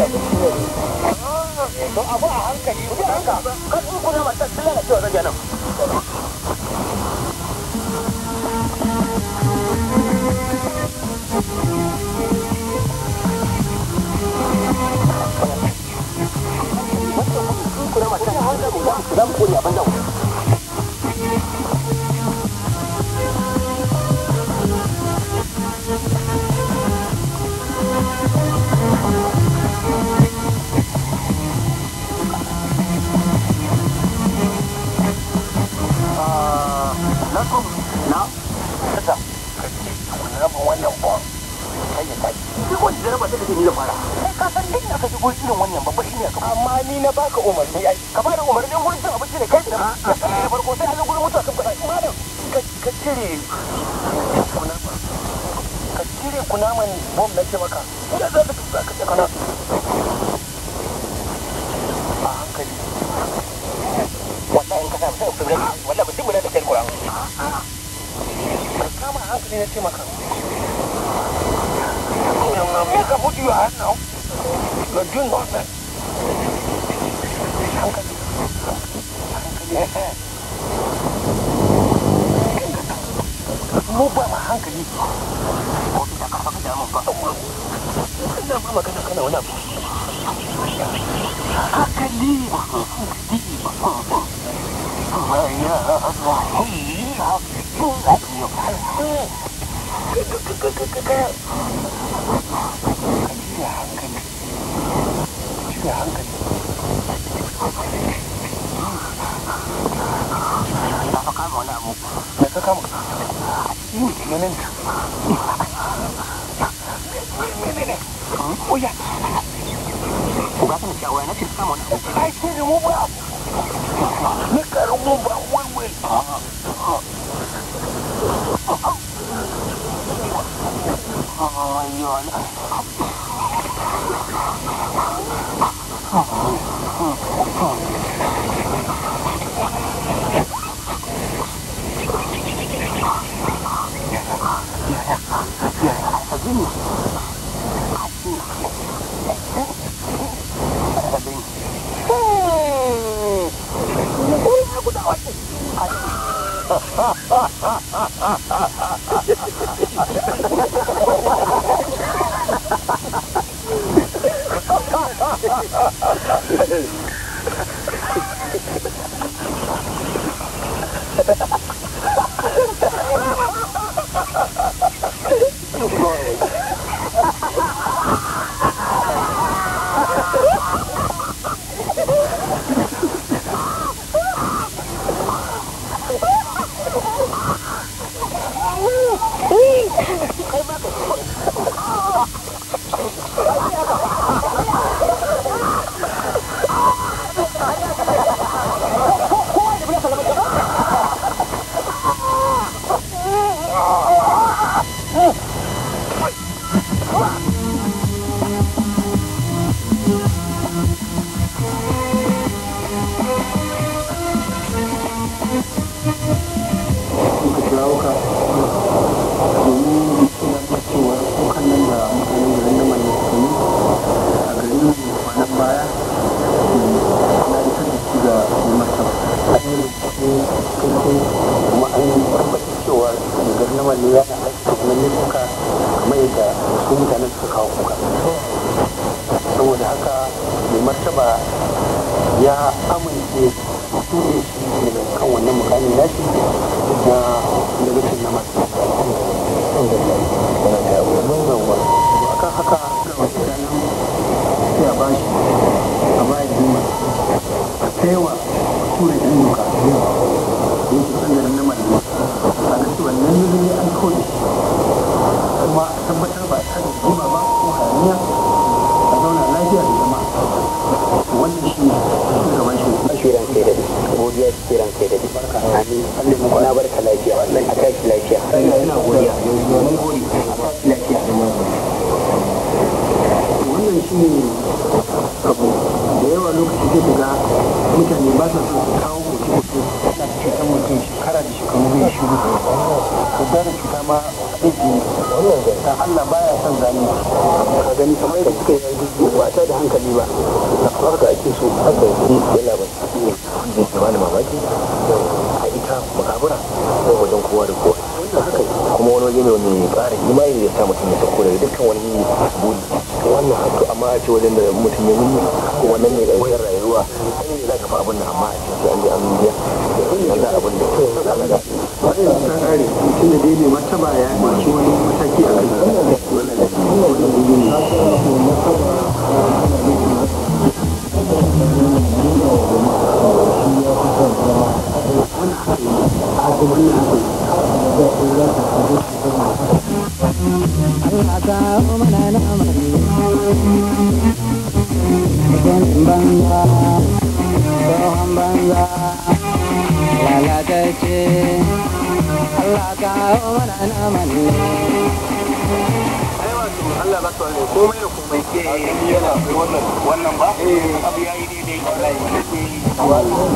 Thank you. to abu a hankali ku haka kan kuna mata sun lalace wa zage nan Zamu kuri ni da fara sai ka san shigo irin wannan babba shine amma ni na baka umarni ai ka bada umarni gurin cin abinci ne kai da kai da farko sai an gurin mutuwa kan fada malam ka cire ka cire kunaman bom na ce maka ya za ka tuka ka tsakana a hankali wallahi in ka samu sai ka gani wallahi da kai kuran ka kama hankali na ce maka chưa hết nóng gần chưa ngọt này sang cái sang cái lupa mahal ke ni. Kau tidak akan pakai jalan kau tak mulu. Kenapa makan nak kena nak? Akan ni, di, saya hilang. Kau tak m u n oh ya bukan kan si a n y a sih k m u nak i h k a m o a Ha ha ha ha ha ha! ハハハハ kuma hadisi ta Allah baya son ka gani kamar da suka yi ba ta da hankali ba haka ake so haka ne ita makabura ko wajen da kowa kuma wani waje ƙara imani da sa mutum ya sauko da dukkan wani buri wannan hatu amma a ce wajen da mutum ya wuni ko wannan ne ƙarshen rayuwa ruwa kai ne za ka fa abin amma a cikin sai an je an biya yanzu abin da za ka wannan ta kare tunda dai ne martaba ya ɗauki wani mataki a kan wannan da ke wannan Thank you. cin banza tsohon banza lalatacce Allah kawo mana na malle Allah ba su wani komai da komai ke wannan ba abu ya yi daidai yi shi wannan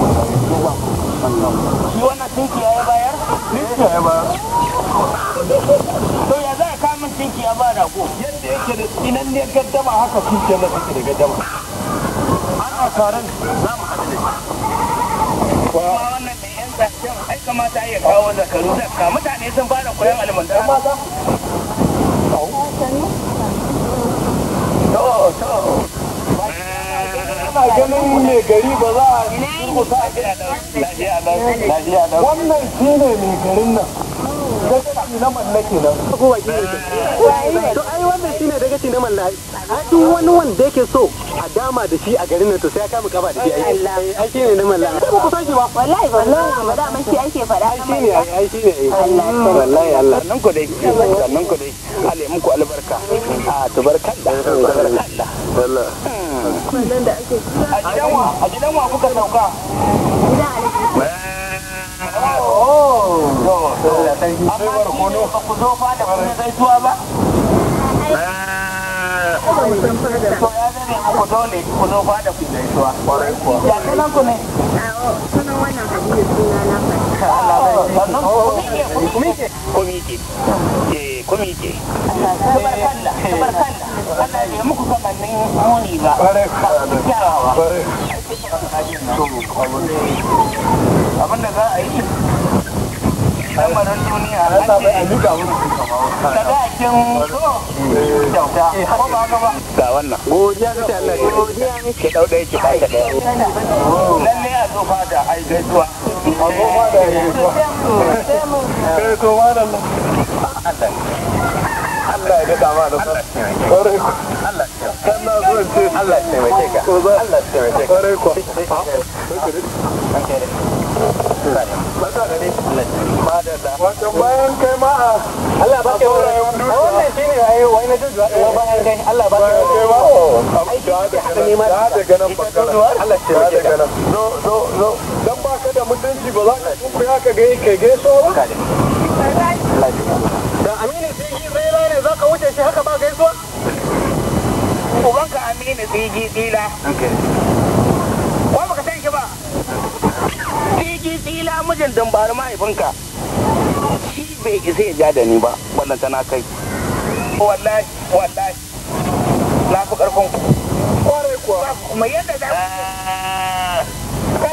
ya bayar? ya bayar to ya za a kamun tinki ya ba yadda yake da inan ne gaddama haka tinki na tinki da gaddama taron za mu haɗu da shi kuma wannan da yan zaken ai kamata ya kawo zakaru zakka mutane sun fara koyon almandara ganin mai gari ba za a turkusa a wannan shi ne mai garin nan dagaci na mallake nan to ai wannan shi ne dagaci na mallake a duk wani wanda yake so a dama da shi a garin nan to sai ya kama kaba da shi aiki eh, aiki ne na mallaka ba ku san ba wallahi wallahi ba da man shi ake ne ne eh. wallahi Allah nan ku dai nan ku dai muku albarka a da Allah wallahi hmm. kullun da ake a gidan wa a gidan wa kuka sauka gidan Oh, oh. ku dole ku zo ba da ku gaisuwa ya sunan ku ne sunan wannan hadiyu suna na abin da za a yi lamarin duniya an ce sadakin so kyauta ko ba ka ba ga wannan godiya ga Allah a zo fada ai gaisuwa a zo fada ai eh, gaisuwa kai eh, to malam Allah ya da Allah ya Allah ya Allah ya wato bayan kai ma'a Allah ba ka wani wannan shi ne wani na jujuwa ɗaya bayan kai Allah ba daga nan Allah zo zo zo ba ka da mutunci ba za ka ya ka gai gaiso ba da aminu jirgi zai za ka wuce shi haka ba gaisuwa ubanka aminu ji tsila mijin don dambari mahaifinka shi bai isa ya ja da ni ba wannan tana kai wallahi wallahi na fi karfin kwarai kuwa kuma yadda za kai.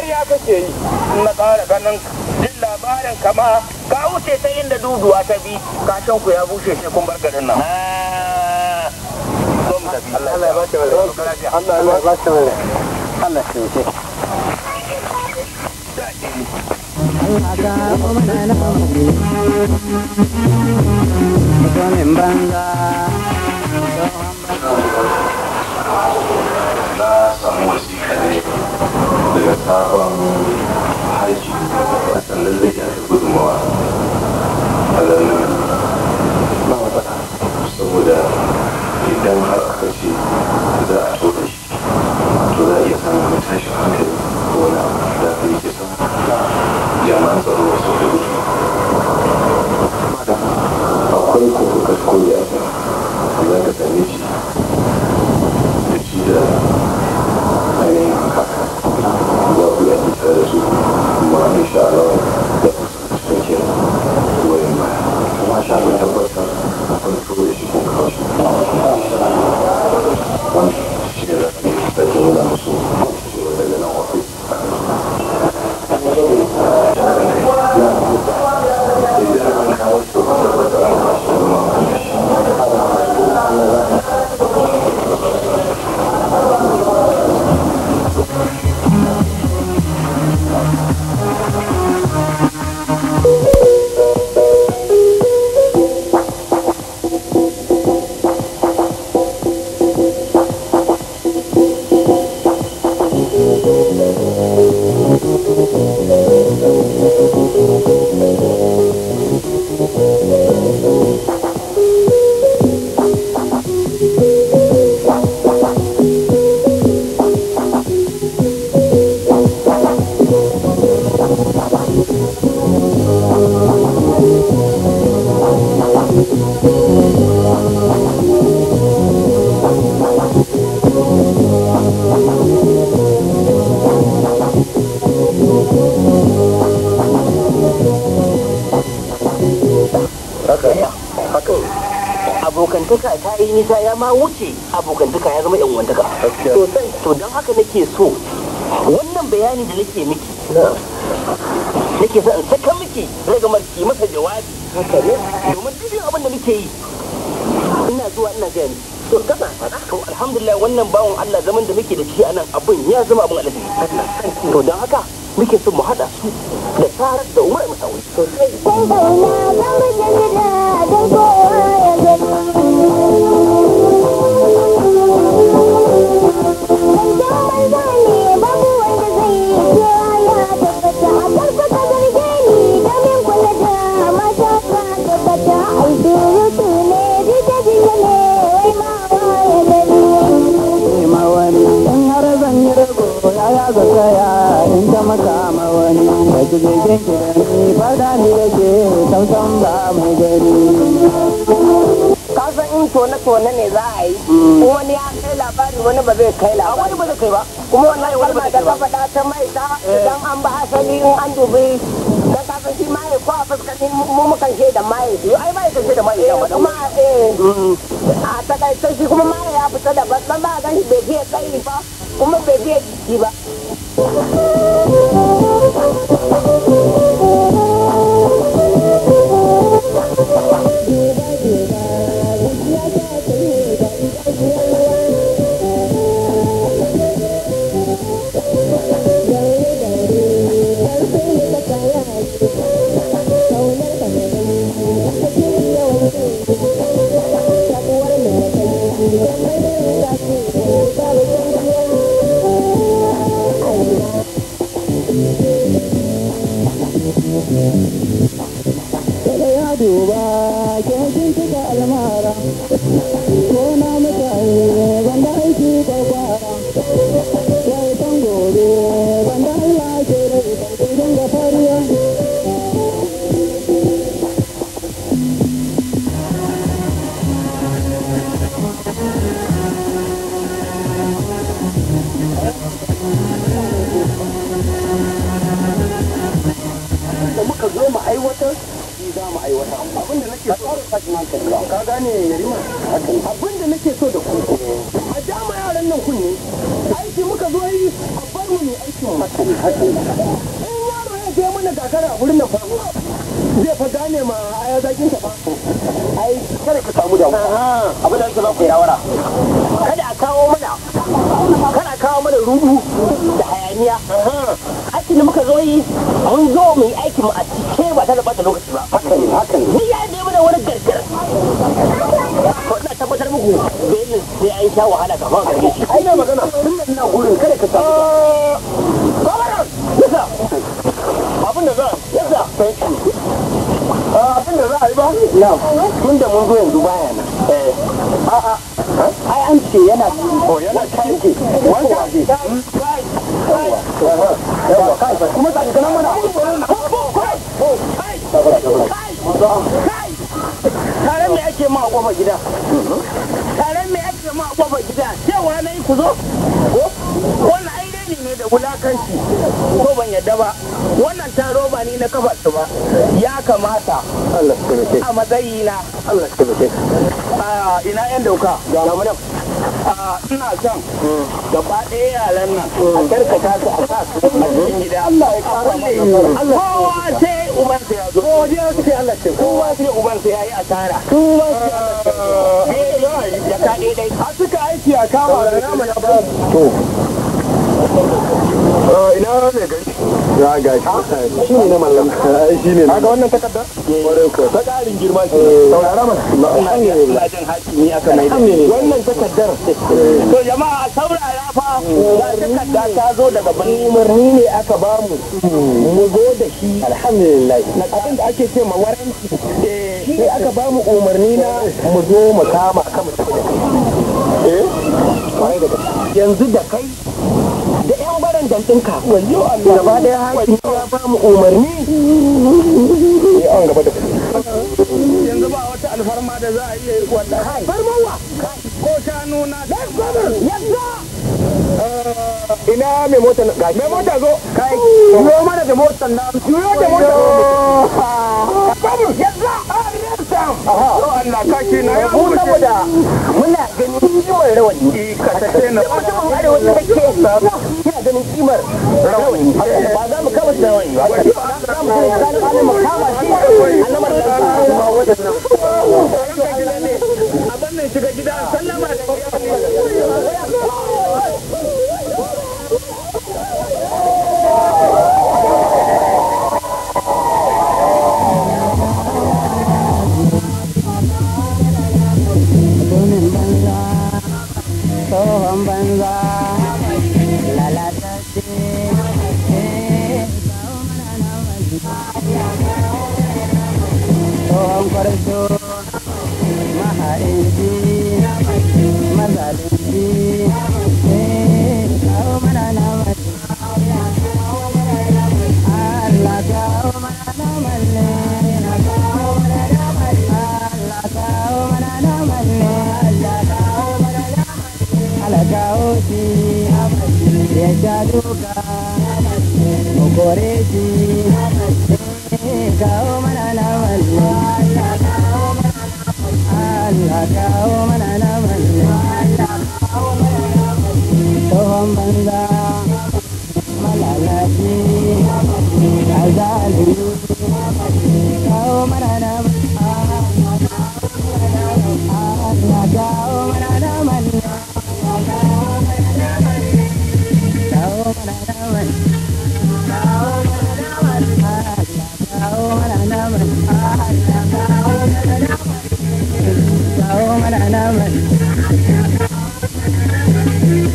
ya kake yi na ƙara ganin jin labarin kama ka wuce ta inda duduwa ta bi kashin ku ya bushe shi kun bar garin nan ah. Allah ya ba shi Allah ya ba shi Allah ya ba shi mutumin banza na samu wasiƙa ne haji a sannan saboda idan har aka ce inshallah. ma wuce abokantaka ya zama yan wantaka to don haka nake so wannan bayani da nake miki nake sa in saka miki daga marci masa jawabi domin duk abin da nake yi ina zuwa ina gaya to kana to alhamdulillah wannan bawon Allah zaman da muke da shi anan abun ya zama abun alheri to don haka muke so mu haɗa su da tarar da umar mu sosai rani nake sansan ba mu gani kasan in ne za a yi mm. wani ya kai labari wani ba zai kai labari wani ba zai kai ba kuma wallahi wani ba zai kai ba ta mai ta idan an ba asali in an dubi kasan shi mai ko a fuskani mu mukan she da mai ai mai da mai eh, eh. mm-hmm. a takaice shi kuma mai ya fita da ban ba shi bai fiye tsayi da nake so da ku a jama yaran nan kunne aiki muka zo yi a bar mu ne aikin in yaro ya je mana gagara a wurin nan fa zai fa gane ma a ya zakin ta ba. ai kada ku samu da abin da za ku yi kada a kawo mana kada a kawo mana rubu da hayaniya aikin da muka zo yi mun zo mu yi aikin mu a cike ba ta da bata lokaci ba hakan hakan ni ya je mana wani gargar bugu belin sai an sha wahala ka fara shi ai na magana tun da ina gurin kada ka eh, abin da za eh, abin da za a yi ba na tun da mun zo yanzu baya na eh. ai an ce yana oh, yana ciki wanda ce kuma mana ake ma a gida taron me ake ma a kofar gida cewa na yi ku zo ko wannan ai dai ne da wulakanci ko ban yadda ba wannan ta roba ni na kafa su ba ya kamata a matsayina ina yan dauka ga Ah, ina son gaba ɗaya yalan nan a karkata su a sa su a gida Allah ya kara mana kowa sai uban sa ya zo kowa sai Allah kowa sai uban sa asara kowa sai Allah ya eh, ka dai a suka aiki a da nama ya ba to ah, ina ne gari za ga shi shi ne na mallam shi ne wannan eh, ta girma ce eh. saurara mana aka mai wannan takardar eh. to jama'a saurara fa ga takarda ta zo daga bani umarni ne aka ba mu hmm. mu zo da shi alhamdulillah na abin da ake ce ma waranti aka ba mu umarni na mu zo mu kama yanzu da kai gidan ɗinka gaba ɗaya haƙi ya ba mu umarni ne an gaba da yanzu ba wata alfarma da za a iya yi wanda alfarma wa ko shanu na da gwamnar yadda ina mai mota na gashi mota zo kai yo mana da motar na yo da motar gwamnar ah, yadda Allah kaki na ya mu saboda muna ganin kimar rawani ka tace na mutumin arewa da kake kina ganin kimar rawani ba za mu kama da rawani ba za mu kama shi alamar da ba don kwarto maharinci kawo mana naman tsohon banza malalaci a zalimi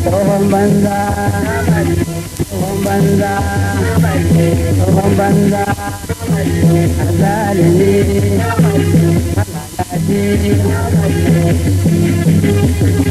tsohon banza tsohon banza tsohon banza azalimi malalaci